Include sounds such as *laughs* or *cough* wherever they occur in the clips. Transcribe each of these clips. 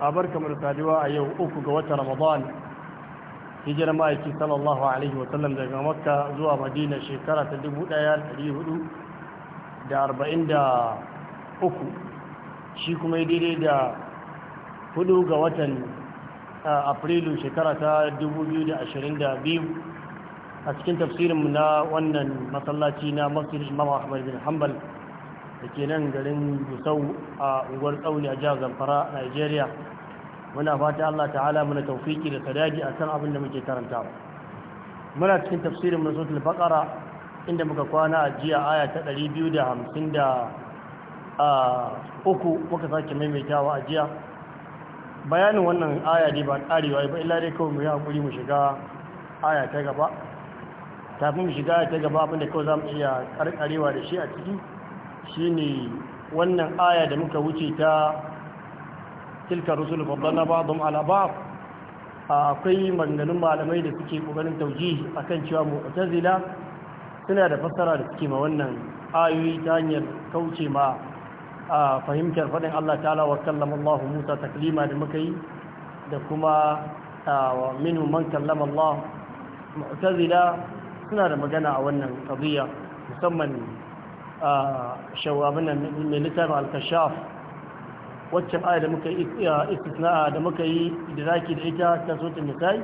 a bar kamar saduwa a yau uku ga wata ramadan hijirar ma'aiki sallallahu alaihi wa wasallam daga makka zuwa madina shekara ta 1443 shi kuma daidai da hudu ga watan afrilu shekara ta 2022 a cikin tafsirinmu na wannan masallaci na masjid imam ahmad bin hanbal da ke nan garin gusau a unguwar tsauni a jihar zamfara nigeria muna fata Allah ta'ala muna tawfiki da sadadi akan abin da muke karantawa muna cikin tafsirin mun suratul baqara inda muka kwana a jiya aya ta 253 muka sake maimaitawa a jiya bayanin wannan aya dai ba karewa ba illa dai kawai mu yi hakuri mu shiga aya ta gaba kafin mu shiga aya ta gaba abinda kawai za mu iya karkarewa da shi a ciki shine wannan aya da muka wuce ta tilka rusul ba'dhum ala ba'd akwai maganganun malamai da suke kokarin taujihi akan cewa mu'tazila suna da fassara da suke ma wannan ayoyi ta hanyar kauce ma fahimtar faɗin Allah ta'ala wa kallamallahu Musa taklima da muka yi da kuma wa minhu man kallama mu'tazila suna da magana a wannan qadiya musamman shawabinan mai littafin al-kashaf waccan aya da muka yi istisna da muka yi da zaki da ita ta sotun misali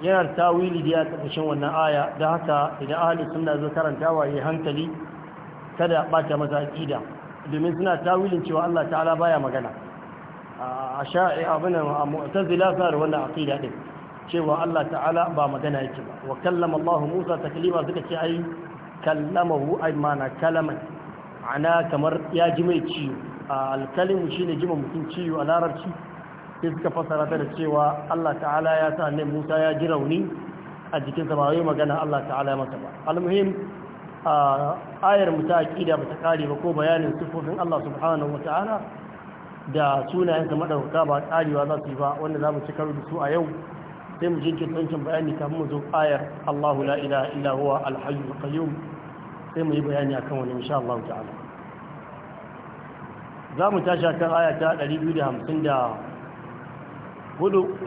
yana tawili da ya ƙarƙashin wannan aya da haka idan ahalin suna zo karantawa ya hankali kada ɓata masa aƙida domin suna tawilin cewa Allah ta'ala baya magana a sha'i eh, abin a mu'tazila suna da wannan aƙida din cewa Allah ta'ala ba magana yake ba wa kallama Allah Musa Kalima suka ce ai kallamahu ai mana kalaman ana kamar ya ji mai ciwo alkalimu shine jima mutum ciwo a larabci sai suka fasara ta da cewa Allah ta'ala ya sa annabi Musa ya ji rauni a jikinsa ba wai magana Allah ta'ala ya masa ba almuhim ayar mu ta aqida ba ta kare ba ko bayanin sifofin Allah subhanahu wata'ala da sunayensa madauka ba karewa za su yi ba wanda za mu ci karo da su a yau sai mu jinkin tsancin bayani kafin mu zo ayar Allahu la ilaha illa huwa al qayyum sai mu yi bayani akan wani insha Allah ta'ala za mu tashi kan aya ta 254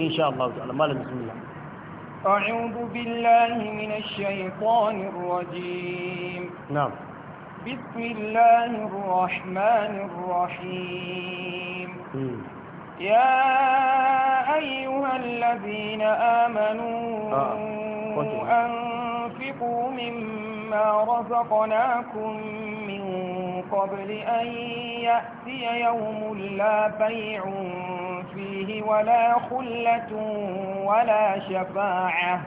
insha Allah ta'ala malam bismillah أعوذ بالله من الشيطان الرجيم نعم بسم الله الرحمن الرحيم م. يا أيها الذين آمنوا آه. أنفقوا مما رزقناكم من قبل أن يأتي يوم لا بيع فيه ولا خلة ولا شفاعة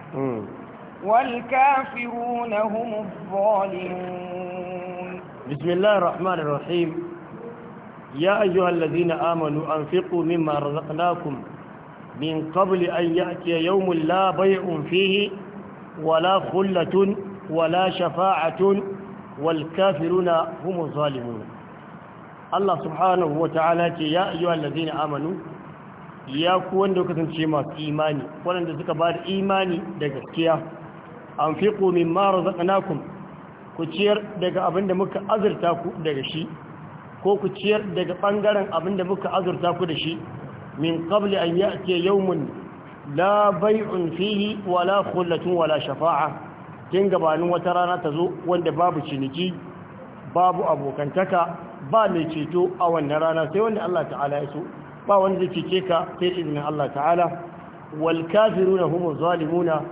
والكافرون هم الظالمون بسم الله الرحمن الرحيم يا أيها الذين آمنوا أنفقوا مما رزقناكم من قبل أن يأتي يوم لا بيع فيه ولا خلة ولا شفاعة wal kafiruna humuz zalimun Allah subhanahu wata'ala ke ya ayyuhal ladina amanu ya ku wanda kasance masu imani waɗanda suka ba da imani da gaskiya an fi ƙomin mara ku ciyar daga abinda muka azurta ku daga shi ko ku ciyar daga ɓangaren abinda muka azurta ku da shi min kabli an yi ake yawon la bai'un fihi wala kullatun wala shafa'a kin gabanin wata rana ta zo wanda babu ciniki babu abokantaka ba mai ceto a wannan rana sai wanda Allah ta'ala ya so ba wanda zai ce ka sai izinin Allah ta'ala wal kafiruna humu zalimuna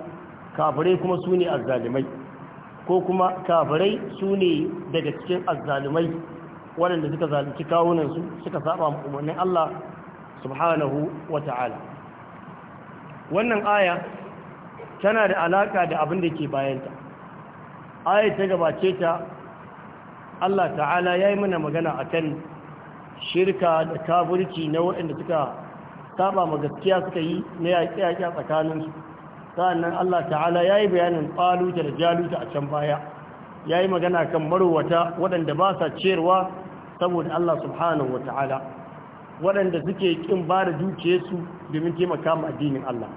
kafirai kuma su ne azzalimai ko kuma kafirai su ne daga cikin azzalumai waɗanda suka zalunci kawunansu suka saba umarnin Allah subhanahu wa ta'ala wannan aya tana da alaƙa da abin da ke bayanta ayat ta gabace ta Allah ta'ala ya yi mana magana akan kan shirka da kafirci na waɗanda suka saba ma gaskiya suka yi na yaƙi-yaƙi a tsakaninsu sa'annan Allah ta'ala ya yi bayanin ƙaluta da jaluta a can baya ya yi magana kan marowata waɗanda ba sa ciyarwa saboda Allah subhanahu wa ta'ala waɗanda suke ƙin ba da dukiyarsu domin taimaka ma addinin Allah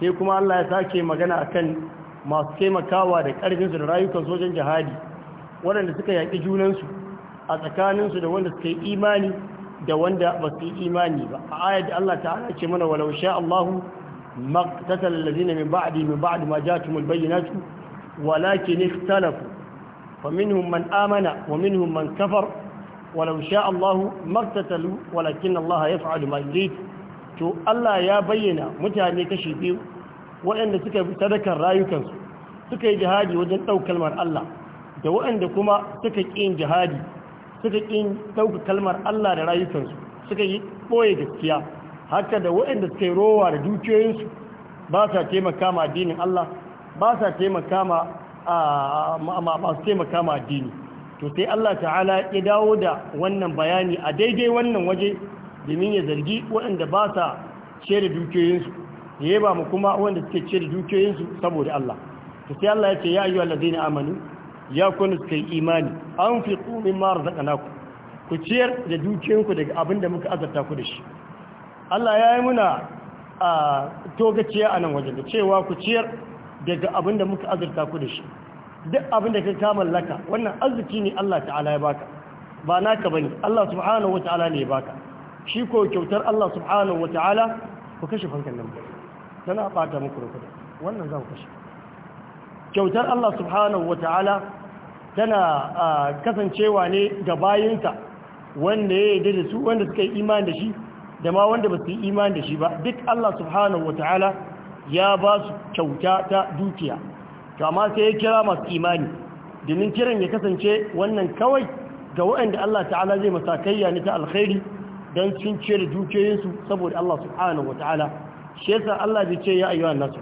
sai kuma Allah ya sake magana akan masu taimakawa da ƙarfinsu da rayukan sojan jihadi waɗanda suka yaƙi junansu a tsakaninsu da wanda suka yi imani da wanda ba su yi imani ba a ayar da Allah ta'ala ce mana walau sha Allahu maqtatal ladina min ba'di min ba'di ma ja'atumul bayyinatu walakin ikhtalafu faminhum man amana wa minhum man kafar walau sha Allahu maqtatalu walakin Allah yaf'alu ma yurid to Allah ya bayyana mutane kashi biyu waɗanda suka yi sadakar rayukansu suka yi jihadi wajen ɗau kalmar Allah da waɗanda kuma suka ƙin jihadi suka ƙin ɗauka kalmar Allah da rayukansu suka yi ɓoye gaskiya haka da waɗanda suka yi rowa da dukiyoyinsu ba sa taimaka ma addinin Allah ba sa taimaka ma masu taimaka ma addini to sai Allah ta'ala ya dawo da wannan bayani a daidai wannan waje domin ya zargi waɗanda ba sa ciyar dukiyoyinsu ya yi ba mu kuma waɗanda suke ciyar dukiyoyinsu saboda Allah ta sai Allah ya ce ya yi wa lazini amanu ya kunu suka yi imani an fi mara mimma naku ku ciyar da dukiyoyinku daga abin da muka azarta ku da shi Allah ya yi muna a togaciya a nan wajen da cewa ku ciyar daga abin da muka azarta ku da shi duk abin da ka kama laka wannan arziki ne Allah ta'ala ya baka ba naka bane Allah subhanahu wata'ala ne ya baka shi ko kyautar Allah subhanahu wa ta'ala ku kashe fankan nan tana bata muku rukuda wannan za ku kashe kyautar Allah subhanahu wa ta'ala tana kasancewa ne ga bayinsa wanda ya yi da su wanda suka yi imani da shi da ma wanda ba su yi imani da shi ba duk Allah subhanahu wa ta'ala ya ba su kyauta ta dukiya to amma sai ya kira masu imani domin kiran ya kasance wannan kawai ga waɗanda Allah ta'ala zai masakayya ne ta alkhairi don cin da dukiyoyinsu saboda Allah subhanahu wata'ala shi yasa Allah zai ce ya ayyuwa nasu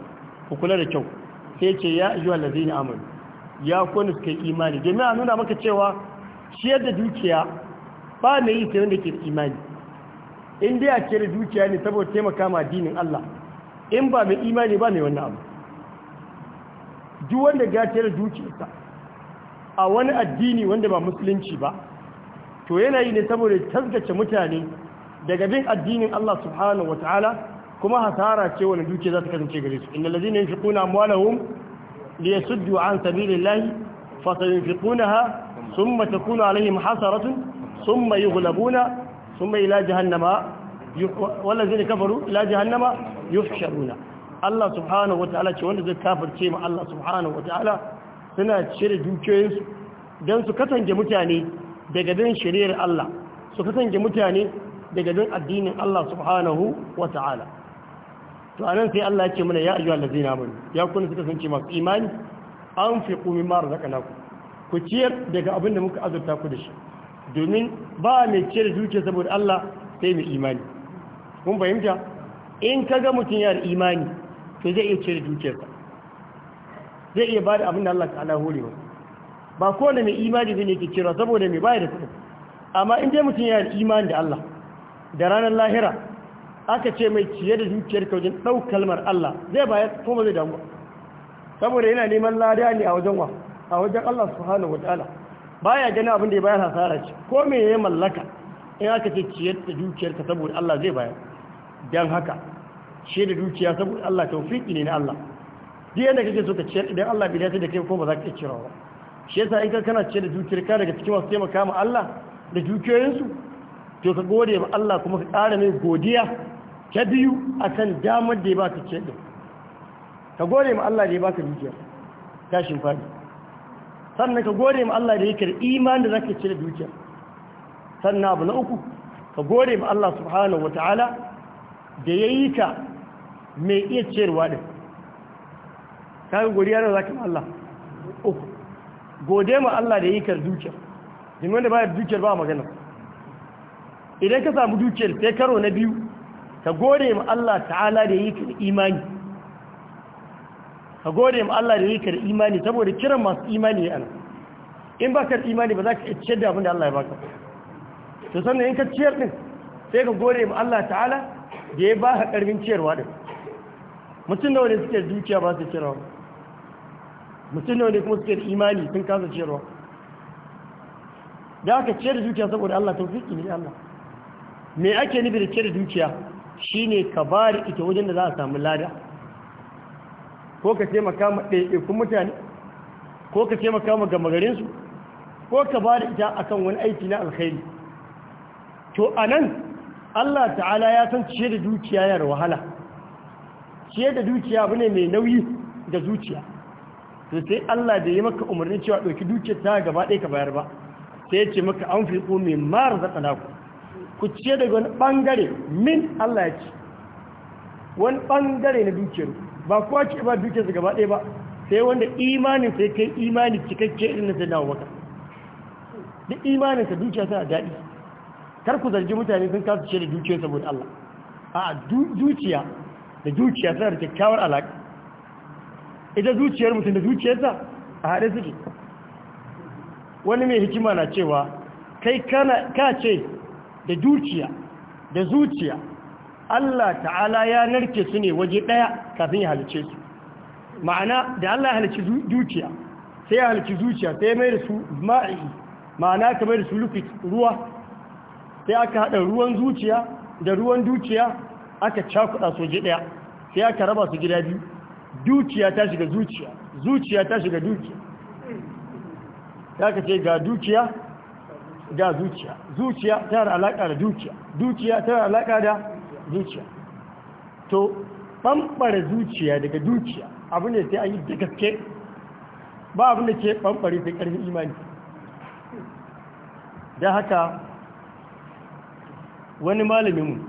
ku kula da kyau sai ce ya zai ladina amanu ya kunu suka imani domin a nuna maka cewa shi da dukiya ba mai yi sai wanda ke imani in dai a ce da dukiya ne saboda taimaka ma addinin Allah in ba mai imani ba mai wannan abu duk wanda ya da dukiyarsa a wani addini wanda ba musulunci ba to yana yi ne saboda tasgace mutane daga bin addinin Allah subhanahu wa ta'ala kuma hasara ce wani duke za ta kasance gare su inda lazina yin fiƙuna amwalahum da ya suddu an sabilillahi fasayin ha sun mata kuna alaihim hasaratun sun mai gulabuna sun mai ila jahannama wallazina kafaru ila jahannama sharuna Allah subhanahu wa ta'ala ce wanda zai kafirce ma Allah subhanahu wa ta'ala suna cire dukiyoyinsu don su kasance mutane daga bin shiriyar Allah su kasance mutane daga don addinin Allah subhanahu wa ta'ala to anan sai Allah ya ce mana ya ayyuhal ladzina amanu ya kun suka sanci masu imani an fi mara zaka razaqnakum ku ciyar daga abin da muka azurta ku da shi domin ba mai ciyar duke saboda Allah sai mai imani kun fahimta in ka ga mutum yana imani to zai iya ciyar dukiyarsa zai iya ba da abin da Allah ala horewa ba kowane mai imani zai ne ke ciyarwa saboda mai bayar da kuɗi amma in dai mutum yana imani da Allah da ranar lahira aka ce mai ciye da zuciyar ka wajen ɗau kalmar Allah zai bayar ko ba zai damu saboda yana neman lada ne a wajen wa a wajen Allah subhanahu wataala ya gani abin da ya bayar hasara ce ko me ya mallaka in aka ce ciye da zuciyar ka saboda Allah zai bayar don haka ciye da dukiya saboda Allah tawfiki ne na Allah duk yadda kake so ka ciyar idan Allah bai dace da kai ko ba za ka iya cirawa shi yasa in ka kana ciyar da dukiyar ka daga cikin wasu taimaka ma Allah da dukiyoyinsu to ka gode ma Allah kuma ka ƙara mai godiya ta biyu akan damar da ya baka ce ɗin ka gode ma Allah da ya baka dukiya tashin fadi sannan ka gode ma Allah da ya kira imanin da zaka cire dukiya sannan abu na uku ka gode ma Allah subhanahu ta'ala da ya yi ka mai iya ciyarwa din kaga godiya da zaka ma Allah uku gode ma Allah da ya yi kar dukiyar domin da ba dukiyar ba magana idan ka samu dukiyar sai karo na biyu ka gode ma Allah ta'ala da yi ka da imani ka gode ma Allah da yi ka da imani saboda kiran masu imani ne ana in ba ka imani ba za ka ciyar da abin da Allah ya baka to sannan in ka ciyar din sai ka gode ma Allah ta'ala da ya ba ka karfin ciyarwa din mutum da wani suke dukiya ba su ciyarwa mutum da wani kuma suke da imani sun kasa ciyarwa da aka ciyar da dukiya saboda Allah tawfiki ne Allah me ake nufi da kyar dukiya shine ka bari ita wajen da za a samu lada ko ka taimaka ma ɗaiɗaikun mutane ko ka taimaka ma gama garinsu ko ka bari ita akan wani aiki na alkhairi to a nan Allah ta'ala ya san ciye da dukiya yar wahala ciye da dukiya abu ne mai nauyi da zuciya to sai Allah da yi maka umarni cewa ɗauki dukiya ta gaba ɗaya ka bayar ba sai ya ce maka an fi ko mai mara zaƙa naku ku ce daga wani bangare min Allah ya ce wani bangare na dukiyar ba kuwa ce ba dukiyar su gaba ɗaya ba sai wanda imanin sai kai imani cikakke irin na sanawa baka duk imanin sa dukiya tana daɗi kar ku zargi mutane sun kasu ce da dukiyar saboda Allah a dukiya da dukiya sa da kyakkyawar alaƙa ita zuciyar mutum da sa a haɗe suke wani mai hikima na cewa kai ka ce da dukiya da zuciya Allah ta'ala ya narke su ne waje ɗaya kafin ya halice su ma'ana da Allah ya halice dukiya sai ya halice zuciya sai ya mayar su ma'i ma'ana ka mayar su liquid ruwa sai aka haɗa ruwan zuciya da ruwan dukiya aka cakuɗa su waje ɗaya sai aka raba su gida biyu dukiya ta shiga zuciya zuciya ta shiga dukiya ta ka ce ga dukiya da zuciya zuciya tana da alaƙa da dukiya dukiya tana da alaƙa da zuciya to ɓamɓare zuciya daga dukiya abu ne sai an yi da gaske ba abu ne ke ɓamɓare sai ƙarfin imani da haka wani malaminmu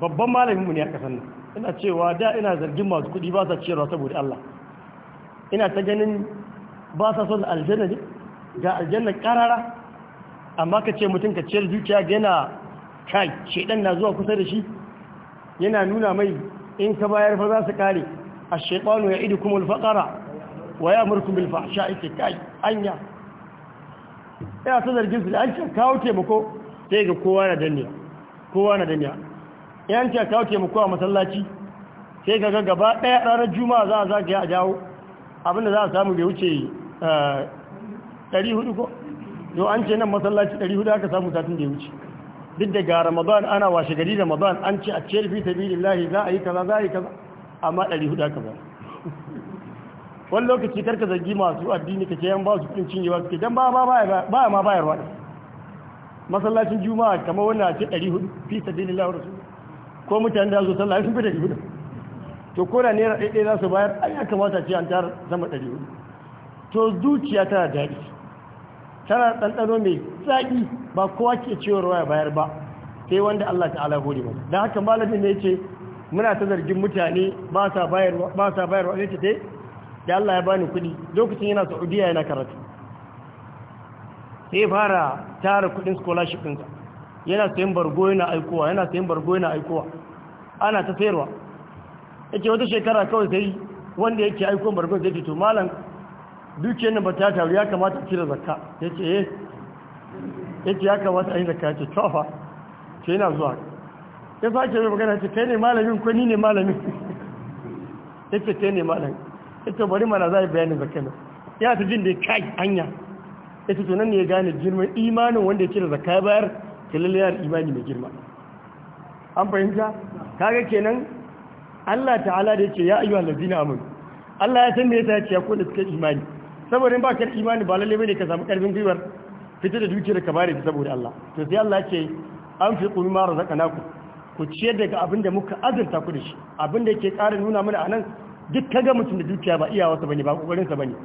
babban malaminmu ne a ƙasar nan ina cewa da ina zargin masu kuɗi ba sa ciyarwa saboda Allah ina ta ganin ba sa son aljanna ne ga aljanna ƙarara amma ka ce mutum ka ciyar zuciya yana kai shaidan na zuwa kusa da shi yana nuna mai in ka bayar fa za su kare a shaitanu ya idi kuma alfaƙara wa ya murku bilfa sha ake kai anya ya ta zargin su da an ce kawo taimako sai ga kowa na danya kowa na ya an ce kawo taimako a masallaci sai ga gaba ɗaya ranar juma'a za a zagaya a jawo abinda za a samu bai wuce 400 eh, ko yau an ce nan masallaci 400 aka samu satin da ya wuce duk da ga ramadan ana washe gari ramadan an ce a ciyar fi lillahi za a yi kaza za a yi kaza amma 400 aka ba wani lokaci karka zargi masu addini kake yan ba su cinye cinyewa suke dan ba ba ba ma wani masallacin juma'a kamar wannan ce 400 fi sabilillahi rasu. ko mutane da zo sallah sun fi 400 to ko da naira ɗaiɗai za su bayar an ya kamata ce an tar sama 400 to zuciya tana daɗi tana ɗanɗano mai zaƙi ba kowa ke ciwon ruwa ya bayar ba sai wanda Allah ta'ala gode masa don haka malamin ne ce muna ta zargin mutane ba sa bayar wa sa ne ce da Allah ya bani kuɗi lokacin yana Saudiya yana karatu sai fara tara kuɗin scholarship ɗinsa yana sayan bargo yana aikowa yana sayan bargo yana aikowa ana ta sayarwa yake wata shekara kawai sai wanda yake aikon bargo zai fito malam dukiyar nan ba ta taru ya kamata cire zakka ya ce eh ya ce ya kamata a yi zakka ya ce tofa ce yana zuwa ya sake mai magana ce kai ne malamin ko ni ne malamin ya ce kai ne malamin ya ce bari mana za a yi bayanin zakka nan ya ta jin da ya kai hanya ya ce tunan ne ya gane girman imanin wanda ya cire zakka ya bayar kalaliyar imani mai girma an fahimta kaga kenan Allah ta'ala da ya ce ya ayyuhal ladina amanu Allah ya san me yasa ya ce ya ku suka imani saboda in ba ka imani ba lalle bane ka samu karfin gwiwar fita da dukiyar ka bare ta saboda Allah to sai Allah yake an fi kuma ma razaqnaku ku ci daga abin da muka azurta ku da shi abin da yake ƙara nuna mana anan duk kaga mutum da dukiya ba iyawa sa bane ba kokarin sa bane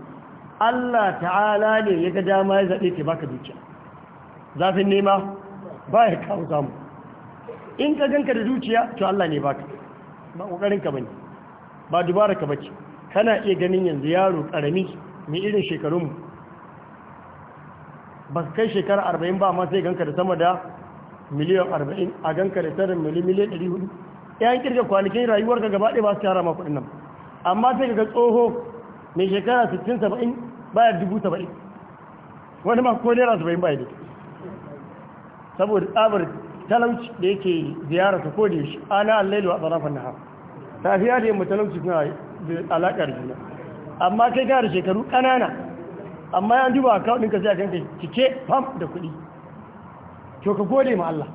Allah ta'ala ne ya ga dama ya zabe ka baka dukiya zafin nema ba ya kawo samu in ka ganka da dukiya to Allah ne baka ba kokarin ka bane ba dubara ka bace kana iya ganin yanzu yaro karami mai irin shekarunmu ba su kai shekara arba'in ba ma sai ganka da sama da miliyan arba'in a ganka da tsarin miliyan ɗari hudu ya yi kirga kwanakin rayuwar ga gaba ɗaya ba su kyara ma kuɗin nan amma sai ga tsoho mai shekara sittin saba'in baya dubu saba'in wani ma ko naira saba'in baya da saboda tsabar talauci da yake ziyara ta kodi shi ana allailu a tsarafin haka tafiya da yin matalauci suna alaƙar juna amma kai ka da shekaru ƙanana amma yan duba a kawo ɗinka sai a cike fam da kuɗi to ka gode ma Allah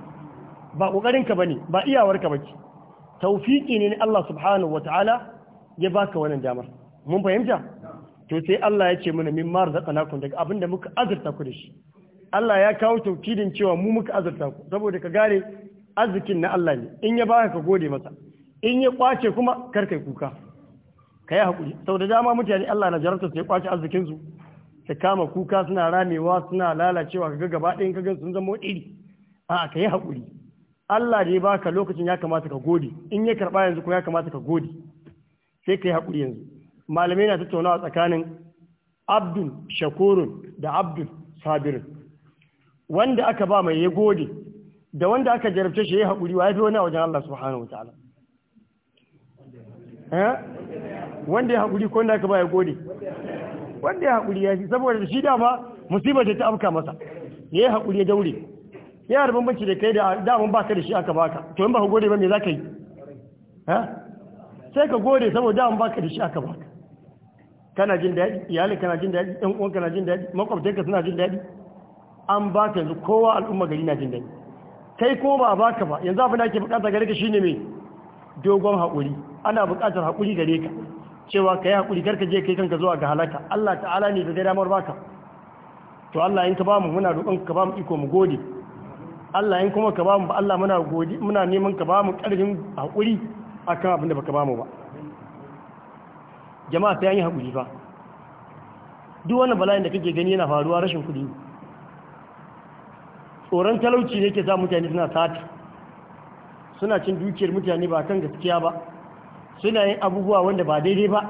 ba ƙoƙarinka ba ne ba iyawarka ba ce taufiƙi ne Allah subhanahu wa ta'ala ya baka wannan damar mun fahimta to sai Allah ya ce mana min mar zakanakum daga da muka azurta ku da shi Allah ya kawo taukidin cewa mu muka azurta ku saboda ka gane arzikin na Allah ne in ya baka ka gode masa in ya kwace kuma kar kai kuka ka yi haƙuri sau da dama mutane Allah na jararta su ya kwace arzikinsu su kama kuka suna ramewa suna lalacewa ga gaba ka kagan sun zama iri a ka yi haƙuri Allah da ya baka lokacin ya kamata ka gode in ya karɓa yanzu kuma ya kamata ka gode sai ka yi haƙuri yanzu malamai na tattaunawa tsakanin abdul shakurun da abdul sabirin wanda aka ba mai ya gode da wanda aka jarabce shi ya haƙuri wa ya fi wani a wajen Allah subhanahu wa ta'ala Eh? wanda ya haƙuri ko da ka ba ya gode wanda ya haƙuri ya fi saboda shi dama musibar ta afka masa ya yi haƙuri ya daure ya da bambanci da kai da ba baka da shi aka baka to in ka gode ba me za ka yi eh? sai ka gode saboda ba baka da shi aka baka kana jin daɗi iyalin kana jin daɗi ɗan uwan kana jin daɗi makwabtanka suna jin daɗi an baka yanzu kowa al'umma gari na jin daɗi kai ko ba a baka ba yanzu abin da ake bukata gare ka shine mai dogon haƙuri ana buƙatar haƙuri gare ka cewa ka yi haƙuri karka je kai kanka zuwa ga halaka Allah ta'ala ne da zai damar baka to Allah in ka ba mu muna roƙon ka ba mu iko mu gode Allah in kuma ka ba mu ba Allah muna gode muna neman ka ba mu ƙarfin haƙuri akan abin da baka ba mu ba jama'a sai an yi haƙuri fa duk wani bala'in da kake gani yana faruwa rashin kuɗi tsoron talauci ne ke sa mutane suna sati suna cin dukiyar mutane ba kan gaskiya ba suna yin abubuwa wanda ba daidai ba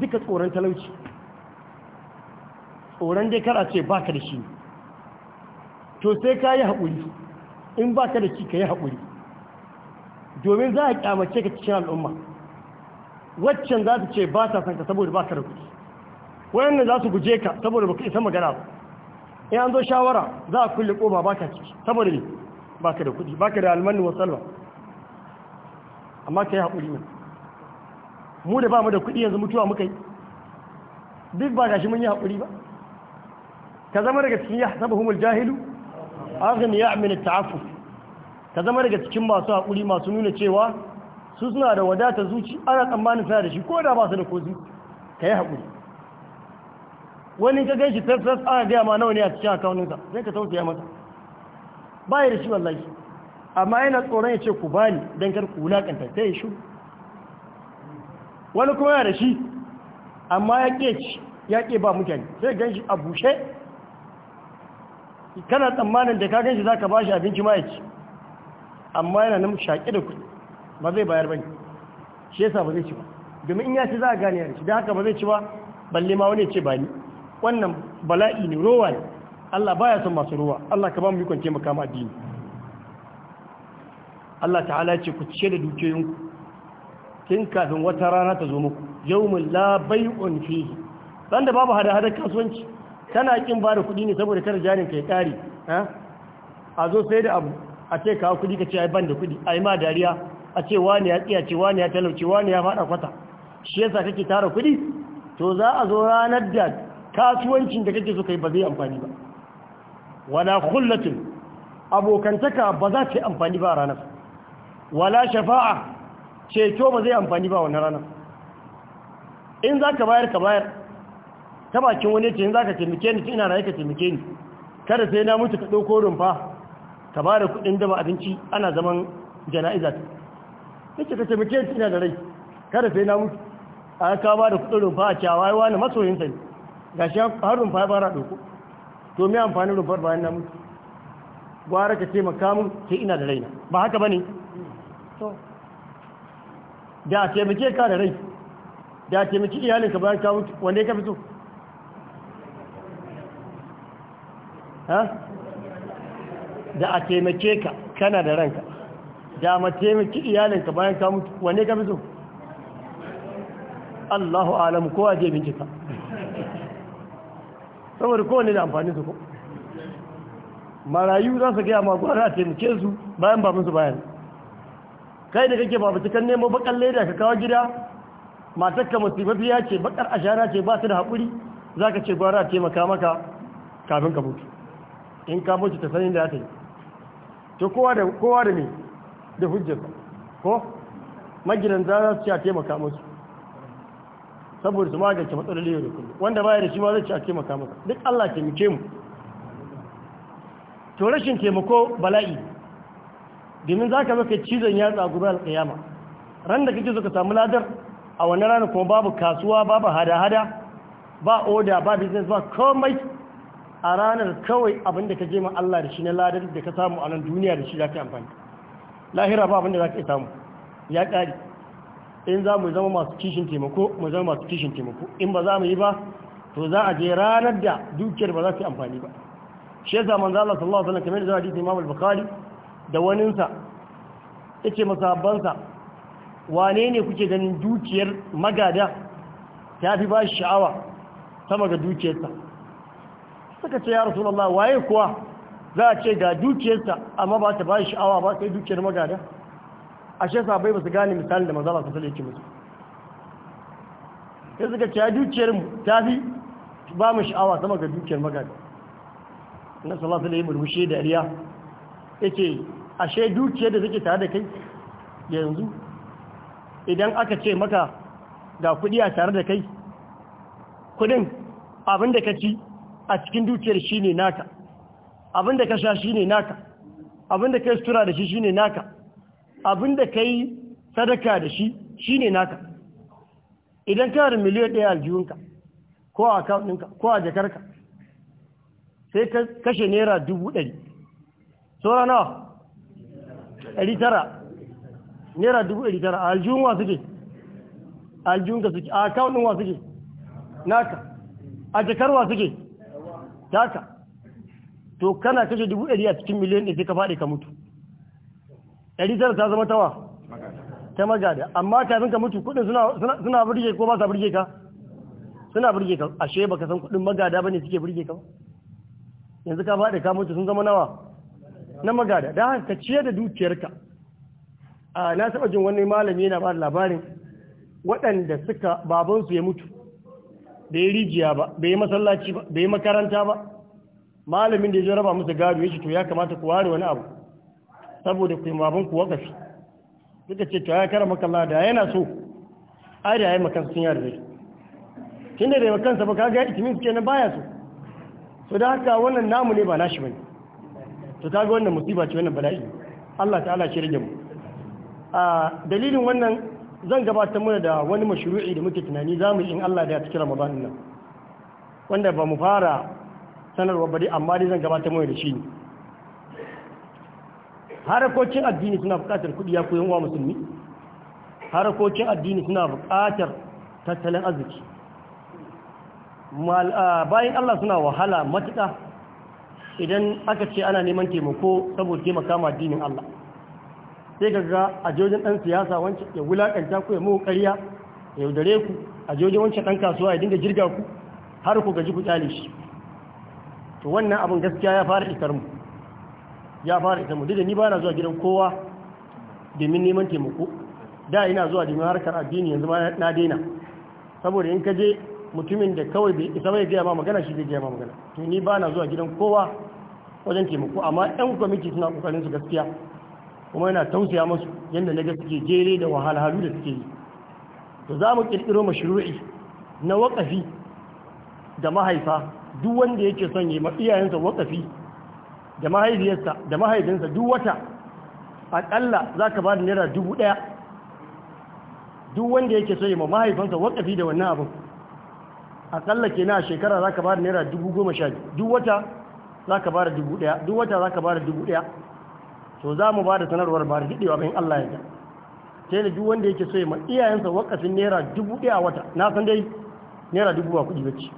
duka tsoron talauci tsoron dai kara ce ba ka da shi to sai ka yi haƙuri in ba ka da shi ka yi haƙuri domin za a ƙyamace ka cikin al'umma waccan za su ce ba ta san saboda ba ka da kuɗi wayannan za su guje ka saboda ba ka isa magana ba in an zo shawara za a kulle koma ba ka ciki saboda ne ba ka da kuɗi ba ka da almanin wasalwa amma ka yi haƙuri mai mu da ba mu da kuɗi yanzu mutuwa muka yi duk ba gashi mun yi haƙuri ba ka zama daga cikin ya humul jahilu azumi ya amina ta'affuf ka zama daga cikin masu haƙuri masu nuna cewa su suna da wadata zuci ana tsammanin suna da shi ko da ba su da kozi ka yi haƙuri wani ka gan shi fesfes ana gaya ma nawa ne a cikin akawuninsa sai ka tausaya masa ba da shi wallahi amma yana tsoron ya ce ku bani don kar ku wulaƙanta sai ya shiru wani kuma yana da shi amma ya ke ci ya ke ba mutane sai gan shi a bushe kana tsammanin da ka gan shi za ka ba shi abinci ma ya ci amma yana nan shaƙi da kuɗi ba zai bayar bane shi yasa ba zai ci ba domin in ya ci za a gane yana shi da haka ba zai ci ba balle ma wani ya ce ba ni wannan bala'i ne rowa ne Allah baya son masu rowa Allah ka ba mu yi mu makama addini Allah ta'ala ce ku ce da dukiyoyinku tun kafin wata rana ta zo muku yawmin la bai'un fihi dan da babu hada hadar kasuwanci kana kin ba da kuɗi ne saboda kar jarin kai ƙari a zo sai da abu a ce kawo kuɗi ka ce ai ban da kuɗi ai ma dariya a ce wani ya tsiya ce wani ya talauci wani ya faɗa kwata shi yasa kake tara kuɗi to za a zo ranar da kasuwancin da kake so kai ba zai amfani ba wala khullatin abokantaka ba za ta yi amfani ba a ranar wala shafa'a ceto ba zai amfani ba wannan ranar in za ka bayar ka bayar ta bakin wani ce in za ka taimake ni ina rayu ka taimake ni kada sai na mutu ka ɗauko rumfa ka ba da kuɗin daba abinci ana zaman jana'iza ta ce ka taimake ni ina da rai kada sai na mutu a ka ba da kuɗin rumfa a cewa wani masoyinsa ne ga shi har rumfa ya fara ɗauko to me amfani rumfar bayan na mutu gwara ka taimaka mun sai ina da raina ba haka ba ne da taimake ka da rai da taimaki iyalinka bayan ka mutu wanda ka fito da a taimake ka kana da ranka da ma taimaki iyalinka bayan ka mutu wanda ka fito Allahu alam kowa je bincika saboda kowane da amfani su ko marayu za su gaya magwara a taimake su bayan ba su bayan kai da kake fafutukan nemo bakar leda ka kawo gida matakka ya ce bakar ashara ce ba su da haƙuri za ka ce gwara taimaka maka kafin ka mutu in ka mutu ta sanin da ya ta yi to kowa da ne da hujjar ko magidan za su ce a taimaka musu saboda su magance matsaloli yau da kullum wanda baya da shi ma zai ce a taimaka maka duk Allah taimake mu to rashin taimako bala'i domin za ka zaka cizon yatsa a gubar alƙiyama ran da kake so ka samu ladar a wani rana kuma babu kasuwa babu hada-hada ba oda ba business ba komai a ranar kawai abinda da ka je ma Allah da shi na ladar da ka samu a nan duniya da shi za ka amfani lahira ba abin da za ka samu ya ƙari in za mu zama masu kishin taimako mu zama masu kishin taimako in ba za mu yi ba to za a je ranar da dukiyar ba za su yi amfani ba shi ya manzo zala sallallahu alaihi wasallam kamar da hadisi Imam al-Bukhari da waninsa ya ce masabansa wane ne kuke ganin dukiyar magada ta fi ba sha'awa sama ga dukiyarsa suka ce ya rasu rasulallah waye kuwa za a ce ga dukiyarsa amma ba ta ba sha'awa ba sai dukiyar magada ashe sabai ba su gane misalin da mazala su sale ce musu ya suka ce dukiyar mu ta fi ba mu sha'awa sama ga dukiyar magada na salatu da yi murmushe da ariya ya ce ashe dukiyar da suke tare da kai yanzu idan aka ce maka ga kudi a tare da kai kudin abin ka ci a cikin dukiyar shi ne naka abin da ka sha shi ne naka abin da ka sutura da shi shi ne naka abin da ka yi sadaka da shi shi ne naka idan ka da miliyan ɗaya aljihunka ko a akawuninka ko a jakarka sai ka kashe naira dubu ɗari sauranawa ɗari tara naira dubu ɗari tara a aljihun wa suke aljihun ka suke a akawun ɗin wa suke naka a jakar wa suke taka to kana kashe dubu ɗari a cikin miliyan ɗin sai ka faɗi ka mutu ɗari ta zama tawa ta magada amma kafin ka mutu kudin suna burge ko ba sa burge ka suna burge ka ashe baka san kuɗin magada bane suke burge ka yanzu ka faɗi ka mutu sun zama nawa na magada da haka ka ciyar da dukiyarka a na taɓa jin wani malami yana ba da labarin waɗanda suka babansu ya mutu bai yi rijiya ba bai yi masallaci ba bai yi makaranta ba malamin da ya raba musu gado ya ce to ya kamata ku ware wani abu saboda ku yi baban ku wakafi suka ce to ya kara makalla da yana so ai da ya yi makansa sun yi zai tunda da da makansa ba kaga itimin suke na baya so su da haka wannan namu ne ba nashi bane to ta ga wannan musiba ce wannan bala'i Allah ta'ala shi rage mu a dalilin wannan zan gabatar mana da wani mashru'i da muke tunani za mu in Allah da ya tsira Ramadan nan wanda ba mu fara sanarwa ba dai amma dai zan gabatar mana da shi harakokin addini suna buƙatar kuɗi ya koyan wa musulmi harakokin addini suna buƙatar tattalin arziki bayan Allah suna wahala matuƙa idan aka ce ana neman taimako saboda ke makama addinin Allah sai gaga a jojin ɗan siyasa wancan ya wulaƙanta ku ya mawa ƙarya ya yaudare ku a jojin wancan ɗan kasuwa ya dinga jirga ku har ku gaji ku ƙyale shi to wannan abin gaskiya ya fara isar mu ya fara isar mu duk da ni ba na zuwa gidan kowa domin neman taimako da ina zuwa domin harkar addini yanzu ma na daina saboda in ka je mutumin da kawai bai isa bai gaya ma magana shi bai gaya ma magana to ni ba na zuwa gidan kowa wajen taimako amma yan kwamiti suna kokarin su gaskiya kuma yana tausaya musu yadda na suke jere da wahalhalu da suke yi to za mu ma mashru'i na wakafi da mahaifa duk wanda yake son yi ma iyayensa wakafi da mahaifiyarsa da mahaifinsa duk wata aƙalla za ka ba da naira dubu ɗaya duk wanda yake so yi ma mahaifinsa wakafi da wannan abin aƙalla ke na shekara za ka ba da naira dubu goma sha biyu duk wata za ka ba da dubu ɗaya duk wata za ka ba da dubu ɗaya to za mu ba da sanarwar ba da daɗewa bayan Allah ya ga sai da duk wanda yake so ya ma iyayensa wakafin naira dubu ɗaya a wata na san dai naira dubu ba kuɗi bacci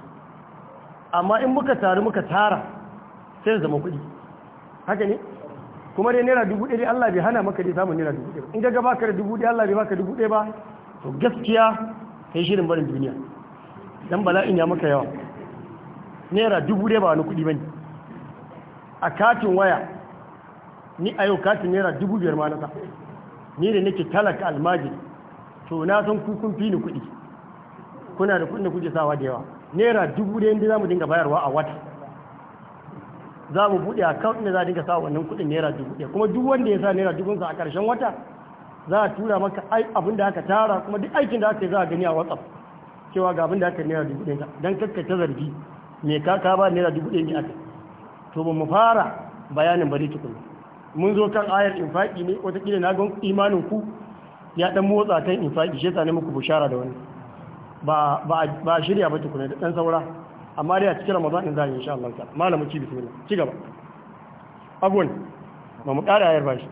amma in muka taru muka tara sai zama kuɗi haka ne kuma dai naira dubu ɗaya Allah bai hana maka dai samun naira dubu ɗaya in ga baka da dubu ɗaya Allah bai baka dubu ɗaya ba to gaskiya kai shirin barin duniya dan bala'in ya maka yawa naira dubu ɗaya ba wani kuɗi bane a katin waya ni a yau katin naira dubu biyar ma nasa ni da nake talaka almaji, to na san kukun fi ni kuɗi kuna da kuɗin da kuke sawa da yawa naira dubu da yadda za mu dinga bayarwa a wata za mu buɗe akawun da za a dinga sa wannan kuɗin naira dubu ɗaya kuma duk wanda ya sa naira dubunsa a ƙarshen wata za a tura maka abin da aka tara kuma duk aikin da aka yi za a gani a whatsapp cewa ga abin da aka naira dubu ɗaya don kakkace zargi mai kaka ba naira dubu ɗaya ne aka to ba mu fara bayanin bari tukuna. mun zo kan ayar infaki ne watakila na gan imanin ku ya dan motsa kan infaki shi yasa ne muku bushara da wani ba ba shirya ba tukuna da dan saura amma dai a cikin ramadan din zan insha Allah malamu ci bismillah ci gaba abun ba mu kara ayar ba shi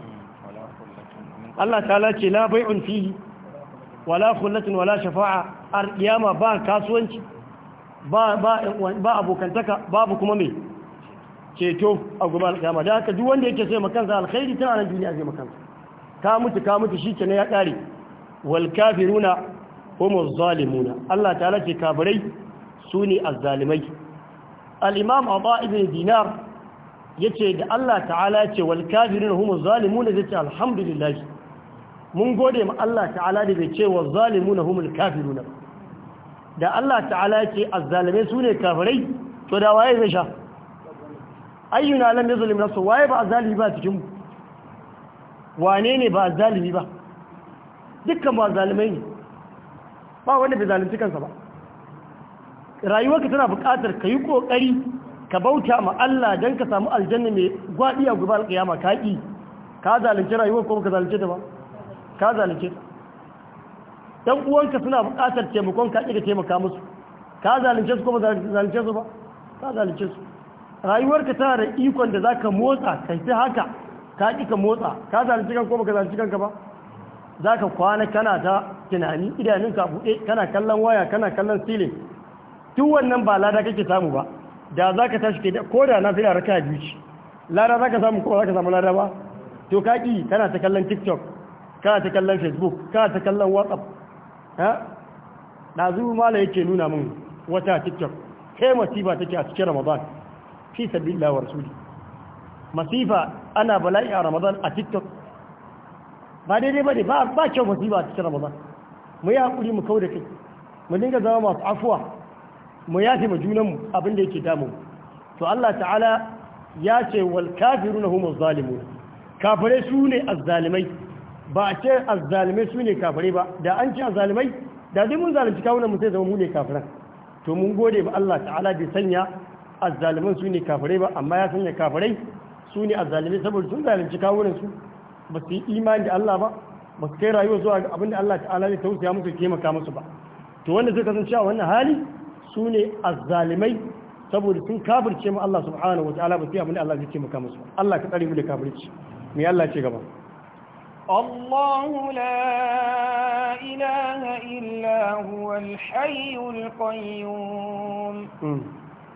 Allah ta'ala ce la bai'un fi wala khullatin wala shafa'a ar qiyama ba kasuwanci ba ba ba abokantaka babu kuma me ceto a gobe alkiyama da haka duk wanda yake sai makansa alkhairi tana nan duniya sai makansa ka mutu ka mutu shi kenan ya kare wal kafiruna humuz zalimuna Allah ta'ala ce kafirai su ne azzalimai al-imam Aba ibn Dinar yace da Allah ta'ala ce wal kafiruna humuz zalimuna zai ce alhamdulillah mun gode ma Allah ta'ala da bai ce wal zalimuna humul kafiruna da Allah ta'ala ce azzalimai su ne kafirai to da waye zai sha ayyuna lam yuzlim nafsu waye ba zalimi ba cikin mu wane ne ba zalimi ba dukkan ba zalimai ne ba wanda bai zalunci kansa ba rayuwarka tana buƙatar ka yi ƙoƙari ka bauta ma Allah don ka samu aljanna mai gwaɗi a gubar alƙiyama ka ƙi ka zalunci rayuwar ko ka zalunce ta ba ka zalunce ta dan uwanka suna buƙatar taimakon ka ƙi ka taimaka musu ka zalunce su ko ba zalunce su ba ka zalunce su rayuwarka tana da ikon da zaka motsa kai ta haka ka kika ka motsa ka zalunci cikin ko baka zalunci kanka ba zaka kwana kana ta tunani idanunka bude kana kallon waya kana kallon silin duk wannan ba lada kake samu ba da zaka tashi ke ko da na fira raka biyu ce lada zaka samu ko zaka samu lada ba to ka ki kana ta kallon tiktok kana ta kallon facebook kana ta kallon whatsapp ha dazu mala yake nuna min wata tiktok kai masiba take a cikin ramadan fi sabilillah wa rasuli masifa ana bala'i a ramadan a tiktok ba daidai ba ne ba kyau masifa a cikin ramadan mu yi hakuri mu kau da kai mu dinga zama masu afuwa mu yafe ma junanmu abin da yake damu to Allah ta'ala ya ce wal kafiruna humu zalimun kafare su ne azzalimai ba a ce azzalimai su ne kafare ba da an ce azzalimai da dai mun zalunci kawunan mu sai zama mu ne kafiran to mun gode ba Allah ta'ala bai sanya azzaliman su ne kafirai ba amma ya sanya kafirai su ne azzalimai saboda sun zalunci kawunan su ba su yi imani da Allah ba ba su kai rayuwa zuwa ga da Allah ta'ala ne tausaya musu taimaka musu ba to wanda zai kasance a wannan hali su ne azzalimai saboda sun kafirce mu Allah subhanahu wa ta'ala ba su yi da Allah zai taimaka musu ba Allah ka tsare mu da kafirci me Allah ce gaba الله لا إله إلا هو الحي القيوم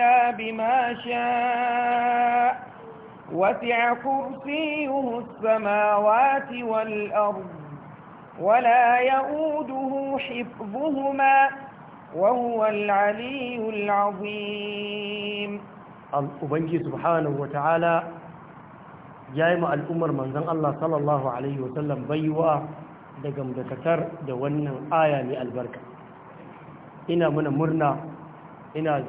إلا بما شاء وسع كرسيه السماوات والأرض ولا يؤوده حفظهما وهو العلي العظيم أبنجي سبحانه وتعالى جايم الأمر من ذن الله صلى الله عليه وسلم بيوة دقم دكتر دوانا آية للبركة ina muna murna ina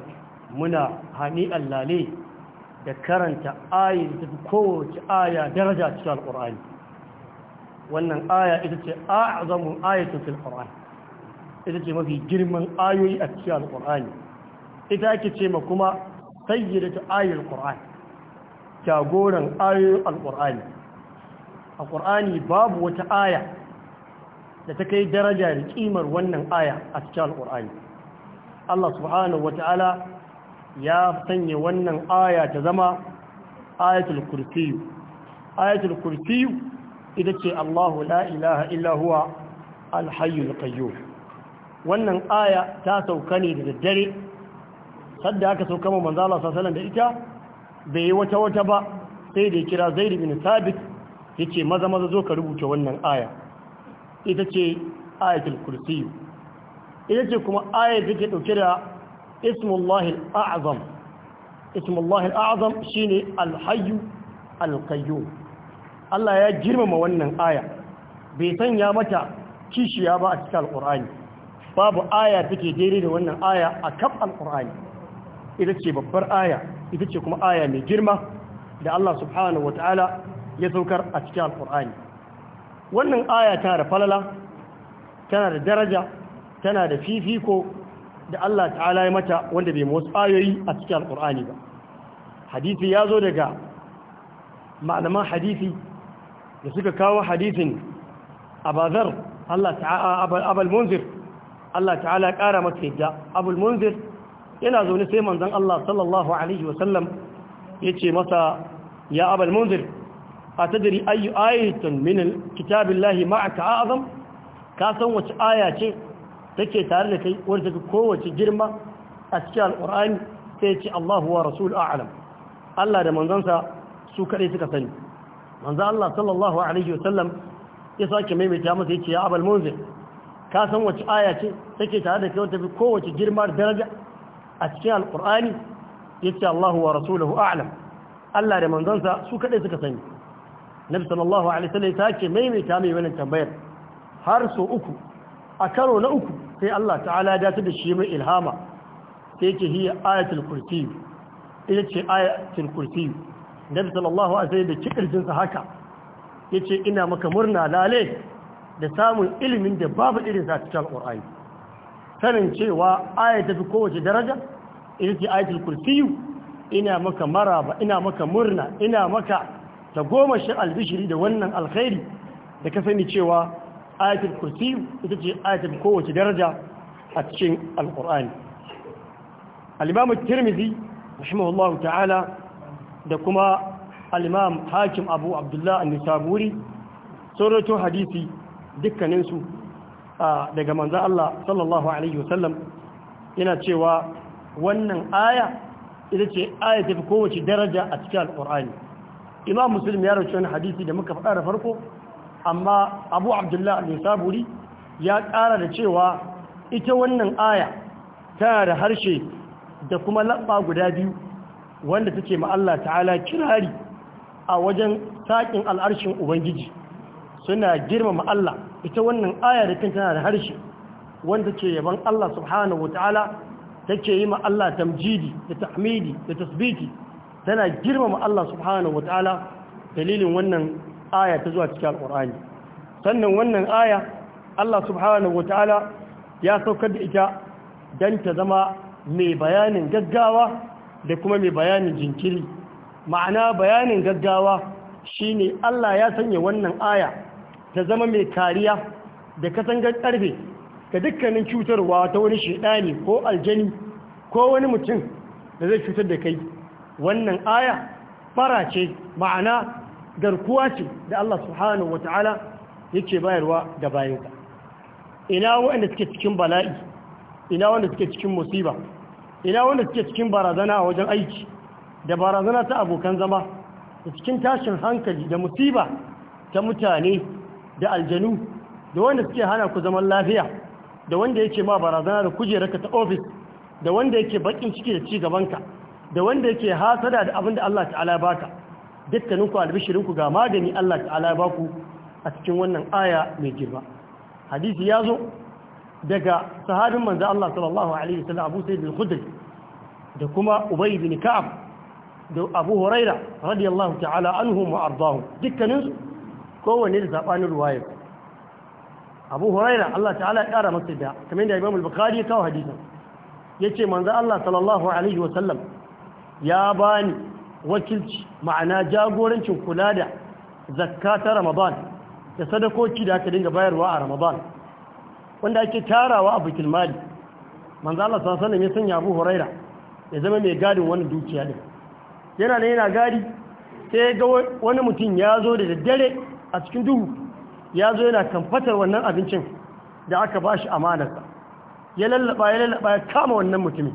muna hani allale da karanta ayi da tafi kowace aya daraja cikin alƙur'ani wannan aya ita ce a'azamu ayatun fil qur'an ita ce mafi girman ayoyi a cikin alƙur'ani ita ake ce ma kuma ta ayatul qur'an jagoran ayoyin alƙur'ani a ƙur'ani babu wata aya da ta kai daraja da ƙimar wannan aya a cikin alƙur'ani Allah subhanahu wata'ala ya sanya wannan aya ta zama ayatul kursiyu ayatul kursiyu ita ce Allahu la ilaha illa huwa wannan aya ta sauka ne da daddare sadda aka sauka ma manzala Allah da ita bai yi wata wata ba sai da ya kira Zaid bin ya ce maza maza zo ka rubuta wannan aya ita ce ayatul kursiyu ita ce kuma ayar da ke ɗauke da ismullahi al'azam ismullahi al'azam shine alhayyu alqayyum Allah ya girmama wannan aya bai sanya mata kishiya ba a cikin alqur'ani babu aya take daidai da wannan aya a kab alqur'ani ita babbar aya ita ce kuma aya mai girma da Allah subhanahu wataala ya saukar a cikin alqur'ani wannan aya tana da falala tana da daraja tana da fifiko da Allah ta'ala ya mata wanda bai motsa ayoyi a cikin alkur'ani ba hadisi ya zo daga malaman hadisi da suka kawo hadisin abazar Allah ta'ala abul munzir Allah ta'ala ya kara masa yadda abul munzir yana zaune sai manzon Allah sallallahu alaihi wa sallam yace masa ya abal munzir atadri ayu ayatin min kitabillahi ma'aka azam ka san wace aya ce take tare da kai wanda take kowace girma a cikin alqur'ani sai ce Allahu wa rasul a'lam Allah da manzansa su kadai suka sani manzo Allah sallallahu alaihi wasallam ya sake maimaita masa yace ya abul munzir ka san wace aya ce take tare da kai wanda take kowace girma daraja a cikin alqur'ani yace Allahu wa rasuluhu a'lam Allah da manzansa su kadai suka sani nabi sallallahu alaihi wasallam ya sake maimaita mai wannan tambayar har so uku a karo na uku sai Allah ta'ala ya da shi mai ilhama sai yake hiya ayatul kursi ita ce ayatul kursi nabi sallallahu alaihi wasallam da kikirjin sa haka yace ina maka murna lale da samun ilimin da babu irin sa cikin alqur'ani sanin cewa aya tafi fi kowace daraja ita ce ayatul kursi ina maka maraba ina maka murna ina maka ta goma shi albishiri da wannan alkhairi da ka sani cewa ayatul kursi ita ce ayatul kowace daraja a cikin alkur'ani al'imamu tirmizi rahimahullahu ta'ala da kuma al'imam hakim abu abdullah al-nisaburi saurato hadisi dukkaninsu daga manzan Allah sallallahu alaihi wasallam yana cewa wannan aya ita ce aya tafi kowace daraja a cikin alkur'ani imam muslim ya rauci hadisi da muka faɗa da farko amma abu abdullahi al Saburi ya ƙara da cewa ita wannan aya tana da harshe da kuma laɓa guda biyu wanda take ma Allah ta'ala kirari a wajen saƙin al'arshin ubangiji suna girmama Allah ita wannan aya da kanta tana da harshe wanda ke yaban Allah subhanahu wataala take yi ma Allah tamjidi da tahmidi da tasbiti tana girmama Allah subhanahu ta'ala dalilin wannan aya ta zuwa cikin Alƙur'ani sannan wannan aya Allah subhanahu wataala ya saukar da ita dan ta zama mai bayanin gaggawa da kuma mai bayanin jinkiri ma'ana bayanin gaggawa shine Allah ya sanya wannan aya ta zama mai kariya da katangar ƙarfe ga dukkanin cutarwa ta wani shedani ko aljani ko wani mutum da zai cutar da kai wannan aya fara ce ma'ana garkuwa ce da Allah subhanahu wata'ala yake bayarwa da bayanka ina wanda suke cikin bala'i ina wanda suke cikin musiba ina wanda suke cikin barazana a wajen aiki da barazana ta abokan zama da cikin tashin hankali da musiba ta mutane da aljanu da wanda suke hana ku zaman lafiya da wanda yake ma barazana da kujerarka ta ofis da wanda yake bakin ciki da ci gabanka da wanda yake hasada da abin da Allah ta'ala baka dukkaninku albishirinku ga magani Allah ta'ala ya baku a cikin wannan aya mai girma hadisi ya zo daga sahabin manzo Allah sallallahu alaihi wasallam Abu Sa'id al-Khudri da kuma Ubay bin Ka'ab da Abu Huraira radiyallahu ta'ala anhum wa ardahum dukkanin su kowanne da zabanin ruwaya Abu Huraira Allah ta'ala ya kara masa da kamar da Imam al-Bukhari ya kawo hadisin yace manzo Allah sallallahu alaihi wasallam ya bani wakilci ma'ana jagorancin kula da zakka ta ramadan da sadakoki da aka dinga bayarwa a ramadan wanda ake tarawa a bikin mali manzo Allah sallallahu alaihi wasallam ya sanya Abu Huraira ya zama mai gadin wannan dukiya din yana ne yana gadi sai ga wani mutum ya zo da daddare a cikin duhu ya zo yana kamfatar wannan abincin da aka bashi amanarsa ya lallaba ya lallaba ya kama wannan mutumin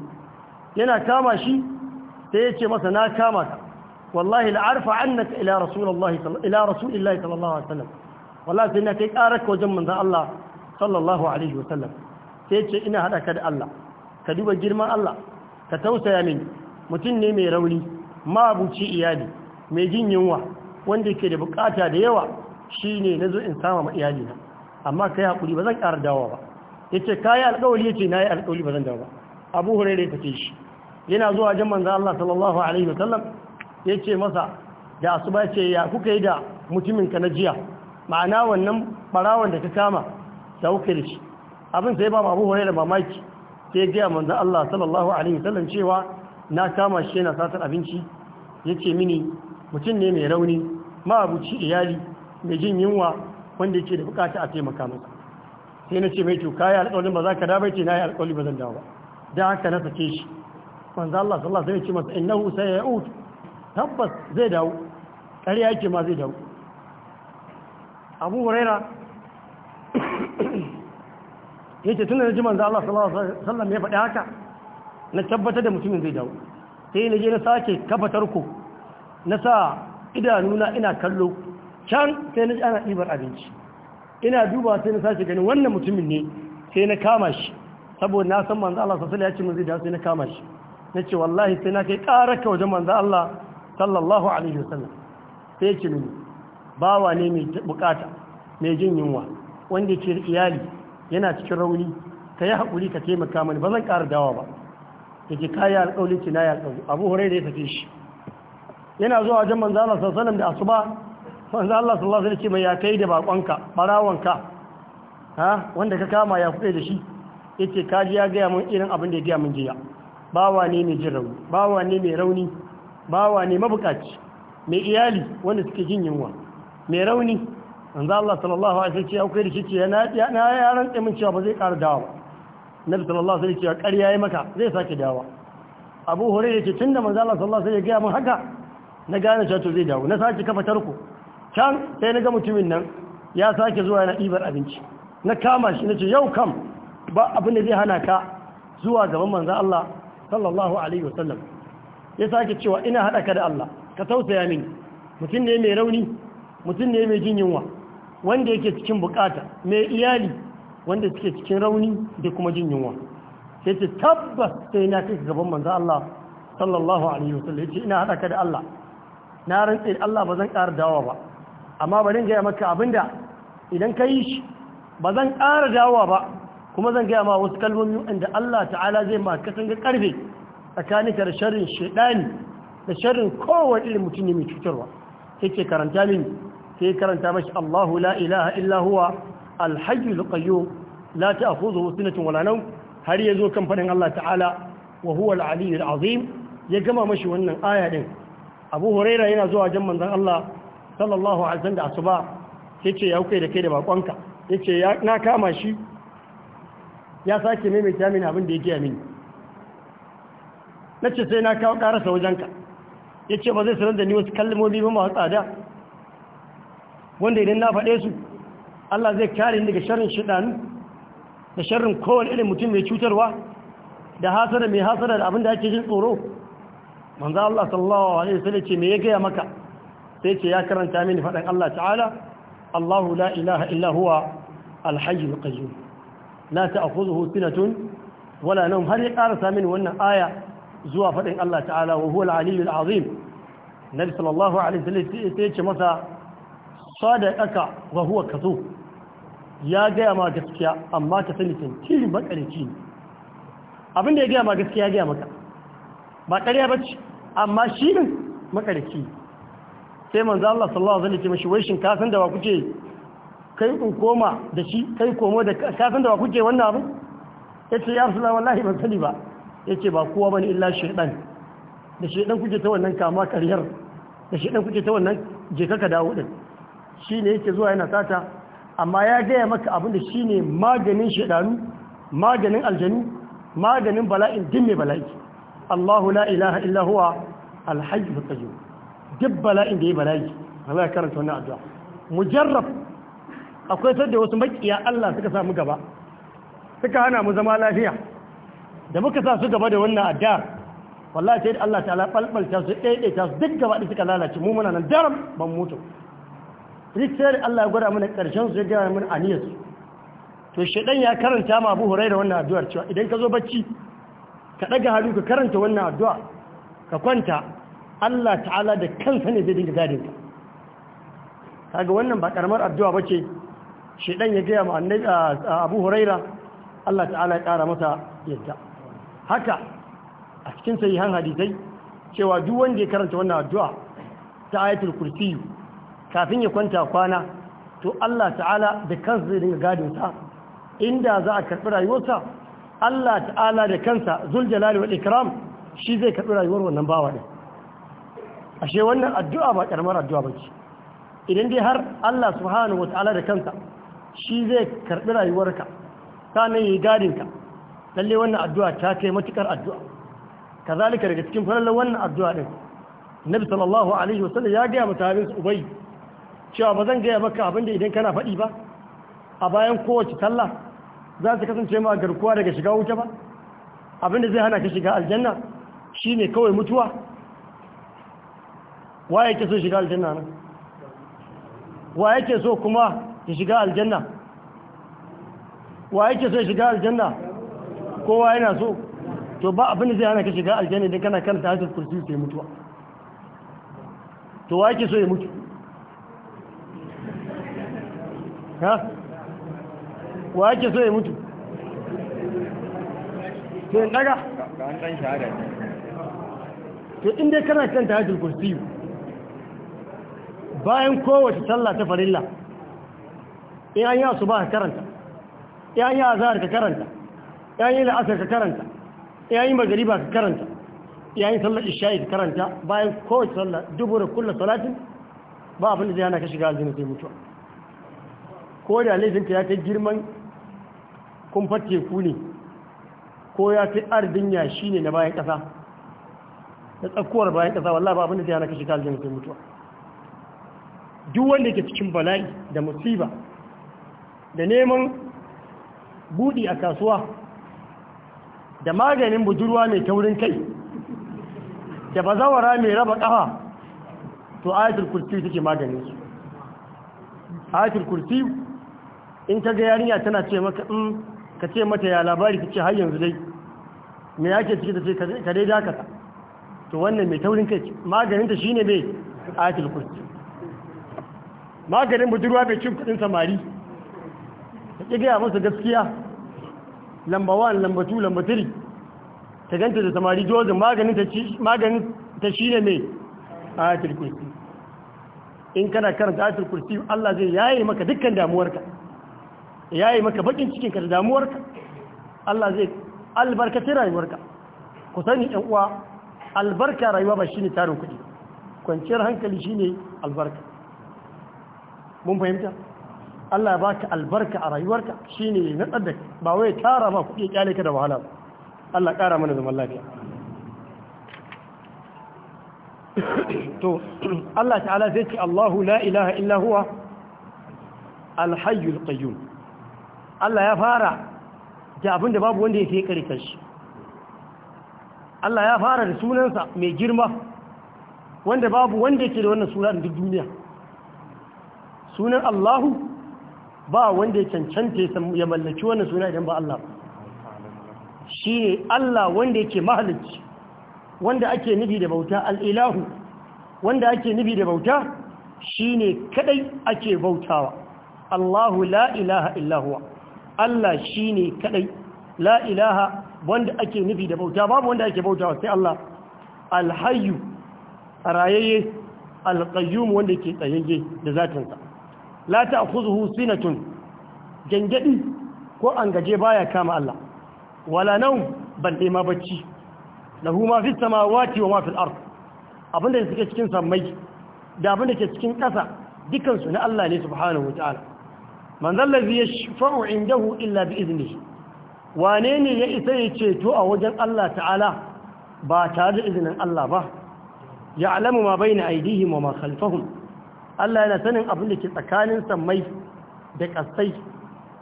yana kama shi sai ya ce masa na kama ka wallahi la'arfa annaka ila rasulullahi ila rasulillahi sallallahu alaihi wasallam wallahi sai na kai karar ka wajen manzon Allah sallallahu alaihi wasallam sai ya ce ina hada ka da Allah ka duba girman Allah ka tausaya mini mutum ne mai rauni mabuci iyali mai jin yunwa wanda yake da bukata da yawa shine nazo in sama ma iyali na amma kai hakuri ba zan ƙara dawowa ba yace kai alƙawari yace nayi alƙawari ba zan dawo ba Abu Hurairah ya tace shi yana zuwa jan manzan Allah sallallahu alaihi wasallam ya ce masa da asuba ce ya kuka yi da mutuminka na jiya ma'ana wannan barawon da ka kama da kuka da shi abin sai ba mabu hore da mamaki sai ya gaya manzan Allah sallallahu alaihi wasallam cewa na kama shi yana satar abinci ya ce mini mutum ne mai rauni ma'abuci iyali mai jin yunwa wanda yake da bukata a taimaka masa sai na ce mai to kayi alƙawarin ba za ka dawo ce na yi alƙawari ba zan dawo ba da haka na sake shi manzo Allah sallallahu alaihi wasallam ya ce masa innahu sayyaut tabbas zai dawo ƙarya yake ma zai dawo Abu Huraira *coughs* yace tunda naji manzo Allah sallallahu alaihi wasallam ya faɗi haka na tabbatar da mutumin zai dawo sai na je na sake kafatar ku na sa idanuna ina kallo can sai na ana ibar abinci ina duba sai na sake ganin wannan mutumin ne sai na kama shi saboda na san manzo Allah sallallahu alaihi wasallam ya ce mun zai dawo sai na kama shi Na ce wallahi sai na kai ƙararka wajen manzan Allah sallallahu alaihi wasallam sai ce mini bawa ne mai bukata mai jin yunwa wanda ke iyali yana cikin rauni ka yi haƙuri ka taimaka mani ba zan ƙara dawa ba Da ke ka yi alƙawli ki na yi alƙawli abu hurai da ya tafi shi yana zuwa wajen manzan Allah sallallahu alaihi wasallam da asuba manzan Allah sallallahu alaihi wasallam ce mai ya kai da baƙonka barawanka ha wanda ka kama ya kuɗe da shi yace kaji ya gaya mun irin abin da ya gaya mun jiya bawa ne mai jin rauni bawa ne mai rauni bawa ne mabukaci mai iyali wanda suke jin yunwa mai rauni za Allah sallallahu alaihi wasallam ya aukai da shi ce na na yaran tsamin cewa ba zai ƙara dawo. nabi sallallahu alaihi wasallam ya ƙarya yi maka zai sake dawo. Abu Hurairah ce tunda manzo Allah sallallahu alaihi wasallam ya ga mun haka na gane cewa to zai dawo na sake kafa tarko can sai na ga mutumin nan ya sake zuwa yana ibar abinci na kama shi na ce yau kam ba abin da zai hana ka zuwa gaban manzo Allah sallallahu alaihi wasallam ya sake cewa ina hada ka da Allah ka tausaya mini mutum ne mai rauni mutum ne mai jinyinwa, wanda yake cikin bukata mai iyali wanda suke cikin rauni da kuma jinyinwa. sai ce tabbas sai na kai gaban manzo Allah sallallahu alaihi wasallam yace ina haɗa ka da Allah na rantse Allah ba zan ƙara dawowa ba amma bari ga maka abinda idan ka yi shi ba zan ƙara dawowa ba kuma zan gaya ma wasu kalmomi inda Allah ta'ala zai ma kasan ga karfe tsakanin da sharrin shaidani da sharrin kowane irin mutum ne mai cutarwa sai ce karanta min sai karanta mashi Allahu la ilaha illa huwa alhayyul qayyum la ta'khudhuhu sinatun wala nawm har yazo kan fadin Allah ta'ala wa huwa al-aliyyul azim ya gama mashi wannan aya din Abu Huraira yana zuwa jan manzon Allah sallallahu alaihi wasallam da asuba sai ce ya kai da kai da bakonka yace na kama shi ya sake maimaita mini abin da ya gaya mini na ce sai na kawo ƙarasa wajenka ya ce ba zai sanar da ni wasu kalmomi ba masu tsada wanda idan na faɗe su Allah zai kare ni daga sharrin shiɗanu da sharrin kowane irin mutum mai cutarwa da hasara mai hasara da abin da ake jin tsoro manzo Allah sallallahu alaihi wasallam ce me ya gaya maka sai ce ya karanta mini faɗan Allah ta'ala Allahu la ilaha illa huwa al qayyum la ta'khudhuhu sinatun wala nawm har ya karasa min wannan aya zuwa fadin Allah ta'ala wa huwa al-aliyyul azim nabi sallallahu alaihi wa wasallam sai ya ce masa sadaqaka wa huwa kadhub ya gaya ma gaskiya amma ka sani tantirin makarici ne abin da ya gaya ma gaskiya ya gaya maka ba ƙarya ba ce amma shi ne makarici sai manzo Allah sallallahu alaihi wasallam ya ce mashi wai shin ka san da wa kuke kai in koma da shi kai komo da kafin da ba kuke wannan abu ya ce ya fi rasulullah wallahi ban sani ba ya ce ba kowa ne illa shaidan da shaidan kuke ta wannan kama karyar da shaidan kuke ta wannan je ka dawo din shi ne yake zuwa yana sata amma ya gaya maka abin da shi ne maganin shaidanu maganin aljanu maganin bala'in din mai bala'i Allahu la ilaha illa huwa alhajj qayyum duk bala'in da ya bala'i Allah ya karanta wannan addu'a mujarrab akwai sadda wasu makiya Allah suka samu gaba suka hana mu zama lafiya da muka sa su gaba da wannan adda wallahi sai Allah ta'ala ta su daidaita su duk gaba da suka lalace mu muna nan daram ban mutu rikiyar Allah ya gwada mana karshen su ya gaya mana aniyar su to shedan ya karanta ma Abu Hurairah wannan addu'ar cewa idan ka zo bacci ka daga hannu ka karanta wannan addu'a ka kwanta Allah ta'ala da kansa ne zai dinga gadin ka kaga wannan ba karamar addu'a bace shedan ya gaya ma Abu Huraira Allah ta'ala ya kara masa yadda haka a cikin sahihan hadisai cewa duk wanda ya karanta wannan addu'a ta ayatul kursi kafin ya kwanta kwana to Allah ta'ala da kansa zai dinga gadin sa inda za a karbi rayuwarsa Allah ta'ala da kansa zul jalali wal ikram shi zai karbi rayuwar wannan bawa din ashe wannan addu'a ba karamar addu'a bace idan dai har Allah subhanahu da kansa shi zai karɓi rayuwarka ne yi gadinka lalle wannan addu'a ta kai matuƙar addu'a kazalika daga cikin falalar wannan addu'a din nabi sallallahu alaihi wasallam ya gaya mutanen su ubai cewa ba zan gaya maka abinda idan kana faɗi ba a bayan kowace talla za su kasance ma garkuwa daga shiga wuta ba abinda zai hana ka shiga aljanna shine kawai mutuwa wa yake so shiga aljanna nan wa yake so kuma ya shiga aljanna wa ke so ya shiga aljanna kowa yana so to ba abin da zai hana ka shiga aljanna idan kana kanta hadis kursi sai mutuwa to wa ke so ya mutu ha waye ke so ya mutu to in daga to in dai kana ta hadis kursi bayan kowace sallah ta farilla ya su yi ka karanta ya yi azhar ka karanta ya yi la'asar ka karanta ya yi magariba ka karanta ya yi sallar isha'i ka karanta bayan kowace dubu dubura kullu salatin ba abin da zai hana ka shiga aljanna sai mutuwa ko da laifinka ya kai girman kumfar teku ne ko ya fi ardin yashi ne na bayan ƙasa na tsakkuwar bayan ƙasa wallah ba abin da zai hana ka shiga aljanna sai mutuwa duk wanda yake cikin bala'i da musiba da neman buɗi a kasuwa da maganin budurwa mai taurin kai da bazawara mai raba ƙafa to ayatul kursi take maganin su ayatul kursi in ka ga yarinya tana ce maka in mm, ka ce mata ya labari ta ce har yanzu dai me yake ciki ta ce ka dai dakata to wannan mai taurin kai maganin ta shine mai ayatul kursi maganin budurwa mai cin kudin samari ta ƙi gaya masa gaskiya lamba 1 lamba 2 lamba 3 ta ganta da samari jozin maganin ta shi ne mai ayatul kursi in kana karanta ayatul kursi Allah zai yayi maka dukkan damuwarka yayi maka bakin cikinka da damuwarka Allah zai albarkaci rayuwarka ku sani ɗan uwa albarka rayuwa ba shine tarin kuɗi kwanciyar hankali shine albarka mun fahimta Allah ya baka albarka a rayuwarka shine na tsada ba wai tara ma kuɗi ƙyale ka da wahala ba Allah ƙara mana zaman lafiya *coughs* to *coughs* Allah ta'ala zai ce Allahu la ilaha illa huwa alhayyul qayyum Allah ya fara da abin da babu wanda ya sai karkar shi Allah ya fara da sunansa mai girma wanda babu wanda yake da wannan suna duk duniya sunan Allahu ba wanda ya cancanta ya mallaki wannan suna idan ba Allah shi ne Allah wanda yake mahalicci wanda ake nufi da bauta al'ilahu wanda ake nufi da bauta shi ne kadai ake bautawa Allahu la ilaha illahuwa Allah shi ne kadai la ilaha wanda ake nufi da bauta babu wanda ake bautawa sai Allah alhayu rayayye alƙayyum wanda ke tsayayye da zatinsa la ta'khuzuhu sinatun gangadi ko an gaje baya kama Allah wala nan ban dai ma bacci lahu ma fi samawati wa ma fil ard abinda cikin samai, da abinda ke cikin ƙasa dukan su na Allah ne subhanahu wataala man zallazi yashfa'u indahu illa bi iznihi wane ne ya isa ya ceto a wajen Allah ta'ala ba tare da izinin Allah ba ya'lamu ma baina aydihim wa ma khalfahum Allah yana sanin abin da ke tsakanin sammai da ƙasai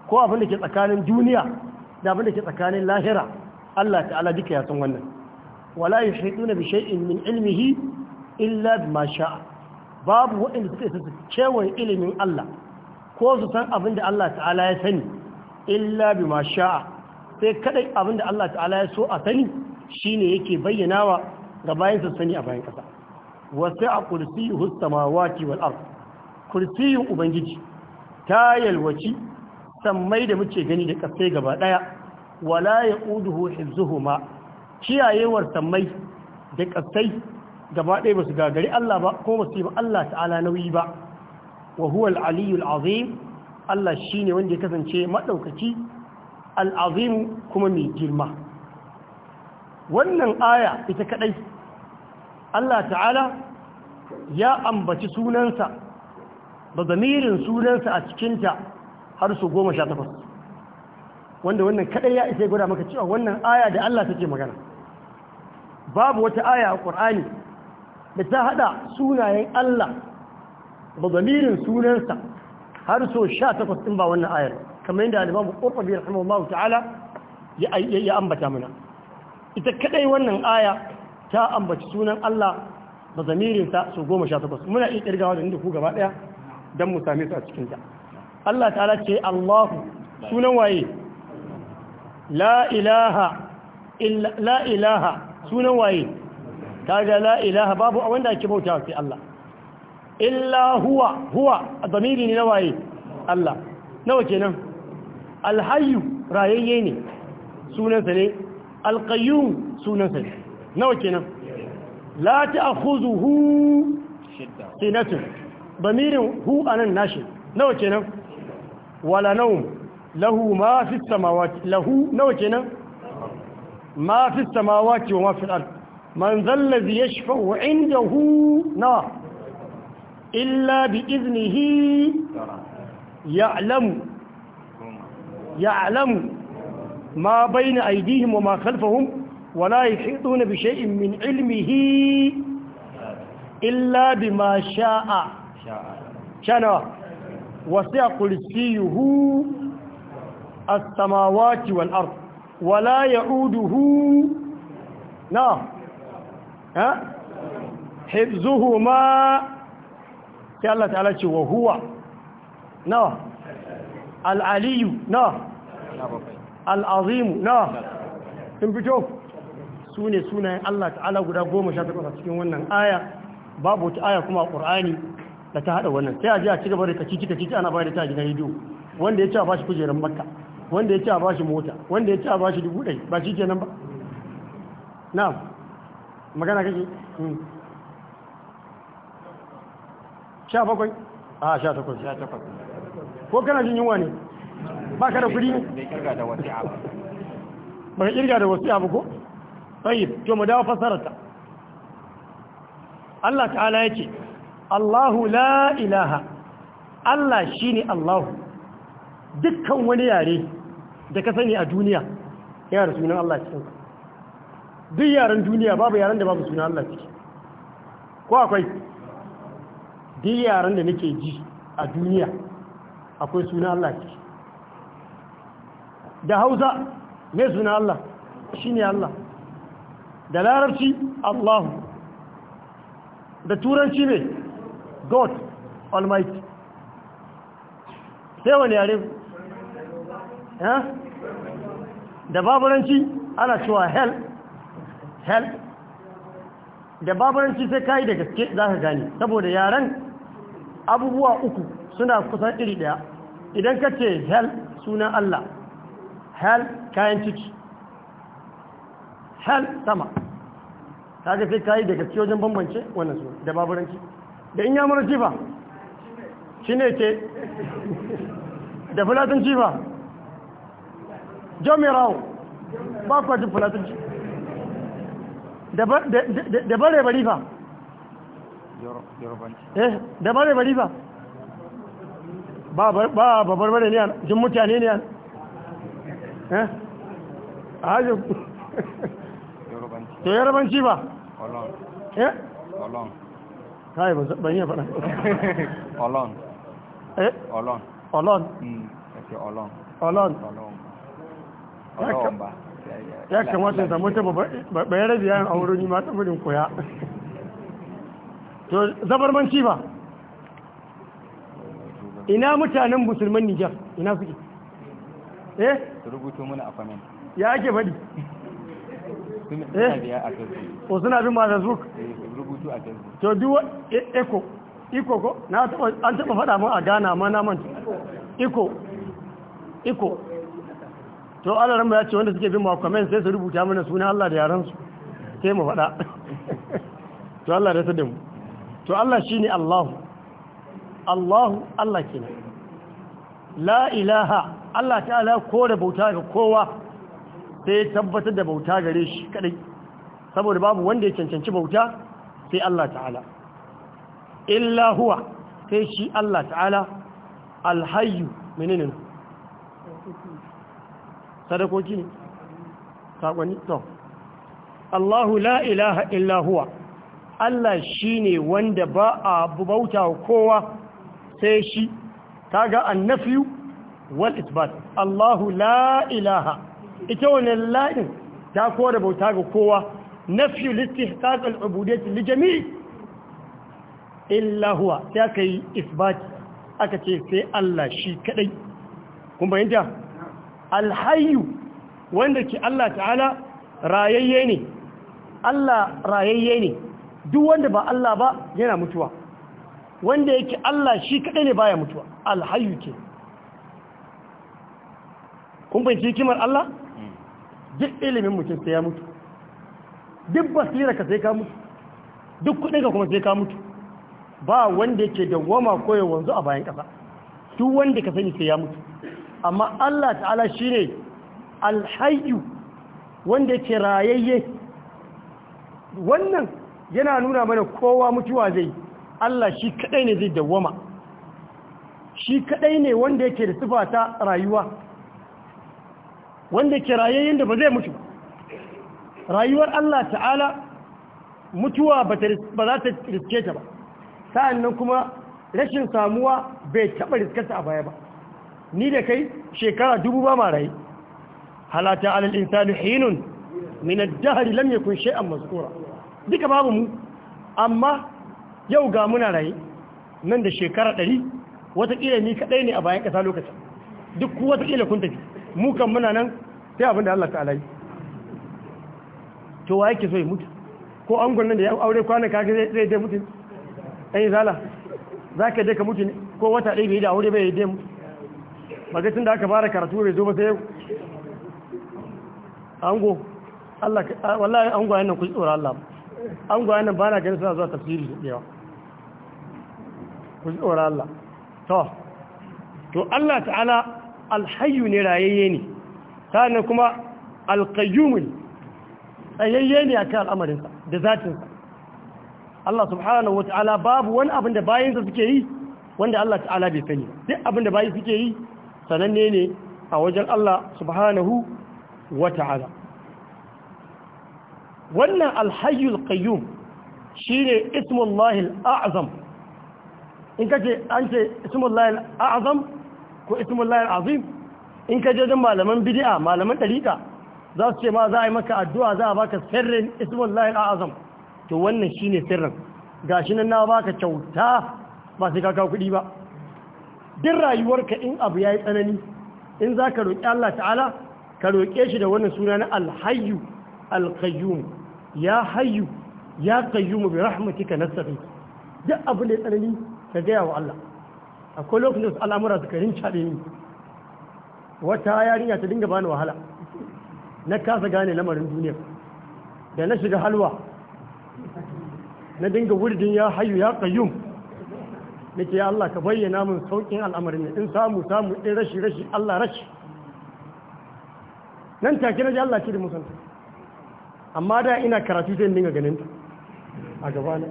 ko abin da ke tsakanin duniya da abin da ke tsakanin lahira Allah ta'ala duka ya san wannan wala yushiduna bi shay'in min ilmihi illa bima sha'a babu waɗanda suka isa kewaye ilimin Allah ko su san abin da Allah ta'ala ya sani illa bima sha'a sai kadai abin da Allah ta'ala ya so a sani shine yake bayyanawa ga bayan sassani a bayan kasa wasu a kursiyuhu samawati wal ard ubangiji ta yalwaci sammai da muke gani da ƙasai gaba ɗaya, wala yauduhu ma, kiyayewar sammai da ƙasai gaba ba basu gagari Allah ba ko yi ba Allah ta'ala nauyi ba wa huwa al azim Allah shine wanda ya kasance maɗaukaci al azimu kuma mai girma wannan aya ita kadai Allah ta'ala ya ambaci sunansa da zamirin sunansa a cikinta har su goma sha takwas wanda wannan kaɗai ya isa guda maka cewa wannan aya da Allah take magana babu wata aya a ƙur'ani da ta haɗa sunayen Allah da zamirin sunansa har su sha takwas ɗin ba wannan ayar kamar yadda alimamu ƙofafi rahimahullahu ta'ala ya ambata mana ita kaɗai wannan aya ta ambaci sunan Allah da zamirinsa su goma sha takwas muna iya kirgawa da inda ku gaba ɗaya don mu same su a cikinta Allah ta'ala ce Allahu sunan waye la ilaha la ilaha sunan waye Ta la ilaha babu a wanda ake bauta sai Allah illa huwa huwa A zamiri ne na waye Allah nawa kenan Alhayu. rayayye ne sunansa ne alqayyum sunansa ne nawa kenan la ta'khuzuhu sinatun bamirin hu anan nashi nawa kenan wala nawm lahu ma fi samawati lahu nawa kenan ma fi samawati wa ma fi al-ard man dhal ladhi yashfa'u 'indahu nawa illa bi idnihi ya'lamu ya'lamu ma bayna aydihim wa ma khalfahum ولا يحيطون بشيء من علمه إلا بما شاء شنو وسع كرسيه السماوات والأرض ولا يعوده نعم ها حفظهما الله تعالى وهو نعم العلي نعم العظيم نعم تنبتوه su ne sunayen Allah ta'ala guda goma sha takwas a cikin wannan aya babu wata aya kuma a ƙur'ani da ta haɗa wannan sai a ji a ci gaba da kacici kacici ana bayar da ta gina rediyo wanda ya ci a bashi kujerar makka wanda ya ci a bashi mota wanda ya ci a bashi dubu ɗai ba shi nan ba na magana kake hmm. sha bakwai a sha takwas sha takwas ko kana jin yunwa ne ba ka da kuɗi ne ba ka kirga da wasu abu ko tayyib to mu dawo fasararta Allah ta'ala yake Allahu la ilaha Allah shine Allahu dukkan wani yare da ka sani a duniya yana da sunan Allah cikin duk yaren duniya babu yaren da babu sunan Allah cikin ko akwai duk yaren da nake ji a duniya akwai sunan Allah cikin da Hausa ne suna Allah shine Allah da larabci allahu da turanci ne god almighty sai wani yare da baburanci ana cewa hell hell da baburanci sai kayi da gaske za ka gani saboda yaren abubuwa uku suna kusan iri daya idan ka ce hell sunan allah hell kayan ciki Hal sama ga sai kayi daga ci wajen bambance wannan su da baburanci da in yamura jifa shi ne ke da fulatin jifa rawu ba kuwa jin fulatin jifa da bare bari eh da bare bari ba babbar bare ne jin mutane ne eh? a hajji *laughs* to yarabanci ba eh kai ba ya rabi yayin a wurin mata koya to manci ba ina mutanen musulman nijar ina suke eh rubuto mana a ya ake faɗi Eh? suna bin ma zuk eh, rubutu a facebook to duk eko iko ko na taba an taba fada mu a gana ma na manta iko iko to Allah ran ya ce wanda suke bin ma comment sai su rubuta mana sunan Allah da yaran su sai mu faɗa *laughs* to Allah da sada mu to Allah shine Allah Allah Allah kenan la ilaha Allah ta'ala ko da bauta ga kowa sai tabbatar da bauta gare shi kadai saboda babu wanda ya cancanci bauta sai Allah ta'ala illa huwa sai shi Allah ta'ala alhayyu menene sadakoki ne sakonni to Allahu la ilaha illa huwa Allah shine wanda ba a bauta kowa sai shi kaga annafiyu wal itbat Allahu la ilaha ita wani la'in ta kore bauta ga kowa nafyu listihqaq al-ubudiyyah li jami' illa huwa sai aka yi isbat aka ce sai Allah shi kadai kun bayyana alhayu wanda ke Allah ta'ala rayayye ne Allah rayayye ne duk wanda ba Allah ba yana mutuwa wanda yake Allah shi kadai ne baya mutuwa alhayu ke kun bayyana kimar Allah duk ilimin mutum sai ya mutu duk basira ka sai ka mutu duk kudin ka kuma sai ka mutu ba wanda yake da ko koyo wanzu a bayan kasa duk wanda ka sani sai ya mutu amma Allah ta'ala shine alhayyu wanda yake rayayye wannan yana nuna mana kowa mutuwa zai Allah shi kadai ne zai dawoma shi kadai ne wanda yake da sifata rayuwa wanda ke rayayyen da ba zai mutu rayuwar Allah ta'ala mutuwa ba za ta riske ta ba sa'an nan kuma rashin samuwa bai taɓa riskarta a baya ba ni da kai shekara dubu ba ma rayu halata alal insani hinun min ad-dahr lam yakun shay'an duka babu mu amma yau ga muna raye nan da shekara ɗari watakila ni kaɗai ne a bayan ƙasa lokacin duk wataƙila kun tafi Mukan muna nan sai abin da Allah ta'ala yi to wa yake so ya mutu ko an nan da ya aure kwana kaga zai dai mutu ai yi zala za ka dai ka mutu ne ko wata ɗaya bai da aure bai dai mutu magacin da aka fara karatu bai zo ba sai yau ango Allah wallahi ango yana ku tsora Allah ango yana ba na ganin suna zuwa tafsiri da yawa ku tsora Allah to to Allah ta'ala alhayu ne rayayye ne sannan kuma alkayyumu ne tsayayye ne a kan al'amarinsa da zatinsa Allah subhanahu wata'ala babu wani abin da bayansa suke yi wanda Allah ta'ala bai sani duk abin da bayi suke yi sananne ne a wajen Allah subhanahu wata'ala wannan alhayu alkayyum shi ne ismullahi al'azam in kace an ce ismullahi al'azam ko ismullahi azim in ka je don malaman bid'a malaman ɗariƙa za su ce ma za a yi maka addu'a za a baka sirrin ismullahi azam to wannan shine sirrin gashi nan na baka kyauta ba sai ka kawo kuɗi ba duk rayuwarka in abu yayi tsanani in za ka roƙi Allah ta'ala ka roƙe shi da wannan suna na alhayyu alqayyum ya hayyu ya qayyum bi rahmatika nastaghith duk abu ne tsanani ka gaya wa Allah akwai lokacin da al'amura karin rincaɗe ni wata yarinya ta dinga bani wahala na kasa gane lamarin duniya da na shiga halwa na dinga wurdin ya hayu ya kayyum nake ke Allah ka bayyana mun saukin al'amarin ne in samu samu ɗin rashi rashi Allah rashi nan take na ji Allah ce da musanta amma da ina karatu zai dinga ganin ta a gabana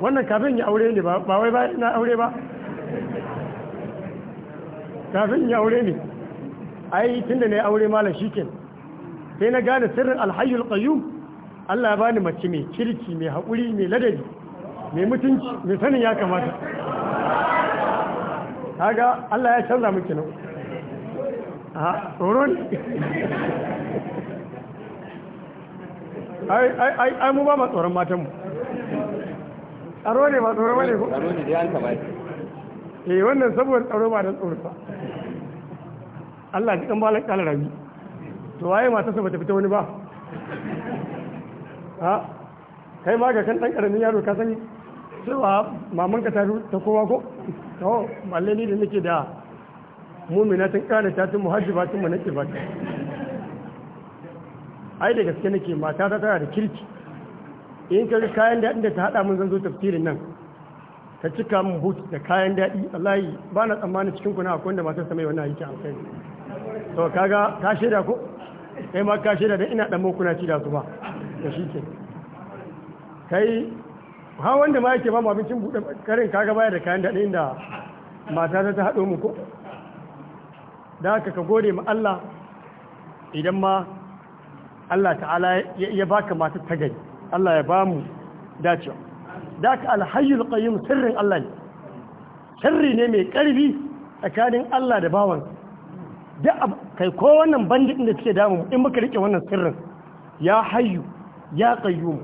wannan kafin ya aure ne ba wai bayan na aure ba kafin ya aure ne ai tun da na aure malam shikin sai na gane sirrin alhayyul kayu Allah ya bani mace mai kirki mai haƙuri mai ladari mai mutunci mai sanin ya kamata haga Allah ya canza miki nan a tsoron ai ai ai mu ba ma tsoron matanmu tsaro ne ba tsoro bane ko tsaro ne dai an taba eh wannan saboda tsaro ba da tsoro ba Allah ki kan balan lakal rabi to waye mata sa bata fita wani ba ha kai ma ga kan dan karamin yaro ka sani cewa maman ka ta ta kowa ko to balle ni da nake da mu'minatin kana ta tun muhajjibatin mu nake ba ai da gaske nake mata ta tana da kirki in ka kayan daɗin da ta haɗa mun zan zo tafsirin nan ta cika mun hut da kayan daɗi wallahi ba na tsammanin cikin na akwai wanda matar sa mai wannan yake kai to kaga ka shaida ko kai ma ka shaida da ina dan kuna ci da su ba da shi ke kai ha wanda ma yake ba mu abincin buɗe karin kaga bayar da kayan daɗi inda mata ta haɗo mu ko da haka ka gode ma Allah idan ma Allah ta'ala ya baka mata tagari Allah ya ba mu dacewa da aka alhayyul sirrin Allah ne sirri ne mai karfi tsakanin Allah da bawan da kai ko wannan bandin da suke damu in muka rike wannan sirrin ya hayyu ya qayyum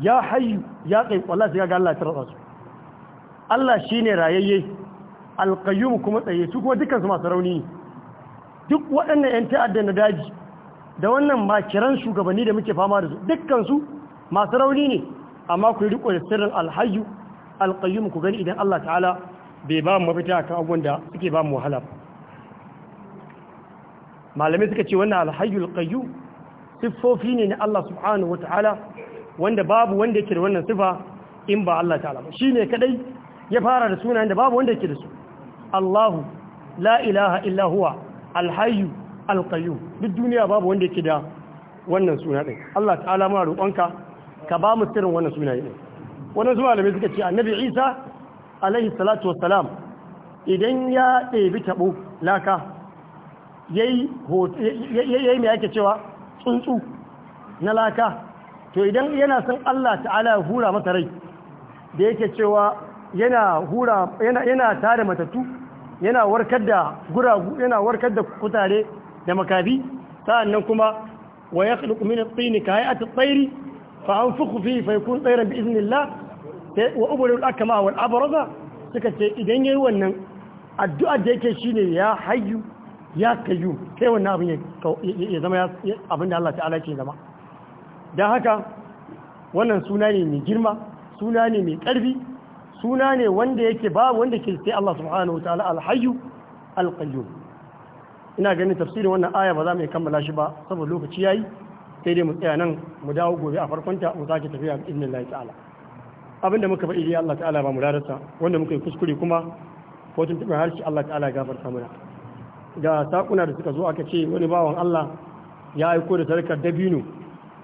ya hayyu ya qayyum Allah sai ga Allah ya tarasa su Allah shine rayayye alqayyum kuma tsaye su kuma dukkan su masu rauni duk waɗannan yan ta'adda na daji da wannan makiran shugabanni da muke fama da su dukkan su masu rauni ne amma ku riko da sirrin alhayyu alqayyum ku gani idan Allah ta'ala bai ba mu mafita akan abubuwan da suke ba mu wahala malamai suka ce wannan alhayyu alqayyum siffofi ne na Allah subhanahu wa ta'ala wanda babu wanda yake da wannan sifa in ba Allah ta'ala ba shine kadai ya fara da sunayen da babu wanda yake da su Allahu la ilaha illa huwa alhayyu alqayyum duk duniya babu wanda yake da wannan suna din Allah ta'ala ma roƙonka ka ba mu sirrin wannan sunaye ne wannan suna malamai suka ce annabi isa alaihi salatu wassalam idan ya ɗebi taɓo laka yayi yayi me yake cewa tsuntsu na laka to idan yana son Allah ta'ala ya hura masa rai da yake cewa yana hura yana yana tare matattu yana warkar da guragu yana warkar da kutare da makabi sa'annan kuma wa yakhluqu min at-tin ka at-tayri فأنفق فيه فيكون طيرا بإذن الله وأبرئ الأكمى والأبرز suka ce idan yi wannan addu'ar da yake shine ya hayyu ya kayu sai wannan abin ya zama abin da Allah ta'ala ke zama don haka wannan suna ne mai girma suna ne mai ƙarfi suna ne wanda yake ba wanda ke sai Allah subhanahu ta'ala Alhayu alqayyum ina ganin tafsirin wannan aya ba za mu kammala shi ba saboda lokaci yayi sai dai mu tsaya nan mu dawo gobe a farkonta mu sake tafiya inna lillahi ta'ala abin da muka faɗi dai Allah ta'ala ba mu ladarsa wanda muka yi kuskure kuma ko tun taɓa harshe Allah ta'ala gafarta mana ga sakuna da suka zo aka ce wani bawan Allah ya aiko da sarkar dabino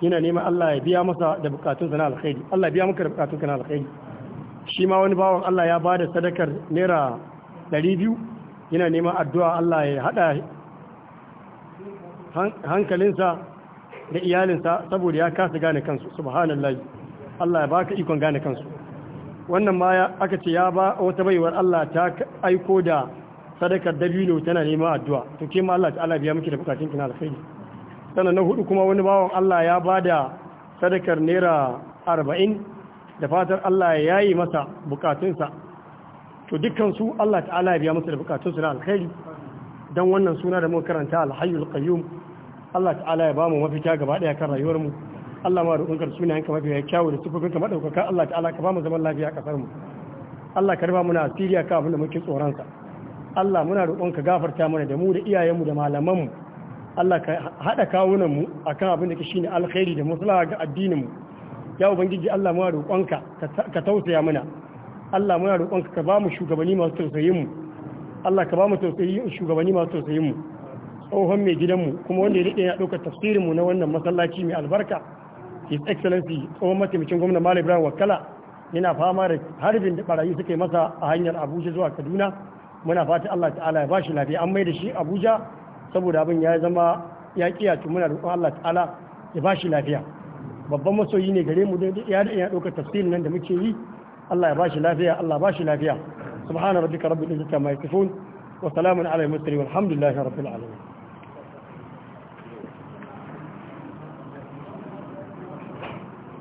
yana neman Allah ya biya masa da bukatun na alkhairi Allah ya biya maka da bukatun na alkhairi shi ma wani bawan Allah ya ba da sadakar naira ɗari biyu yana neman addu'a Allah ya haɗa hankalinsa da iyalinsa saboda ya kasa gane kansu subhanallah Allah ya baka ikon gane kansu wannan ma ya aka ce ya ba wata baiwar Allah ta aiko da sadakar dabino tana neman addu'a to ke ma Allah ta'ala biya miki da bukatun kina alkhairi sannan na hudu kuma wani bawan Allah ya ba da sadakar naira arba'in da fatar Allah ya yi masa bukatunsa to dukkansu Allah ta'ala ya biya masa da bukatunsu na alkhairi don wannan suna da muka karanta alhayyul qayyum Allah ta'ala ya bamu mafita gaba daya kan rayuwar mu Allah ma roƙon sunayen ka mafiya kyawu da sufufin ka madaukaka Allah ta'ala ka bamu zaman lafiya a kasar mu Allah ka riba muna asiriya ka abin da muke tsoron sa Allah muna roƙon ka gafarta mana da mu da iyayen mu da malaman mu Allah ka hada kawunan mu akan abin da ke shine alkhairi da maslaha ga addinin mu ya ubangiji Allah muna roƙon ka ka tausaya mana Allah muna roƙon ka ba mu shugabanni masu tausayin mu Allah ka ba mu tausayi shugabanni masu tausayin mu tsohon mai gidanmu kuma wanda ya daɗe ya ɗaukar tafsirinmu na wannan masallaci mai albarka his excellency tsohon mataimakin gwamna malam ibrahim wakala yana fama da harbin da barayi suka yi masa a hanyar abuja zuwa kaduna muna fata allah ta'ala ya bashi lafiya an mai da shi abuja saboda abin ya zama ya kiyace muna roƙon allah ta'ala ya bashi lafiya babban masoyi ne gare mu ya daɗe ya ɗaukar tafsirin nan da muke yi allah ya bashi lafiya allah bashi lafiya subhana rabbika rabbil izzati amma yasifun wa salamun ala al mursalin walhamdulillahi rabbil alamin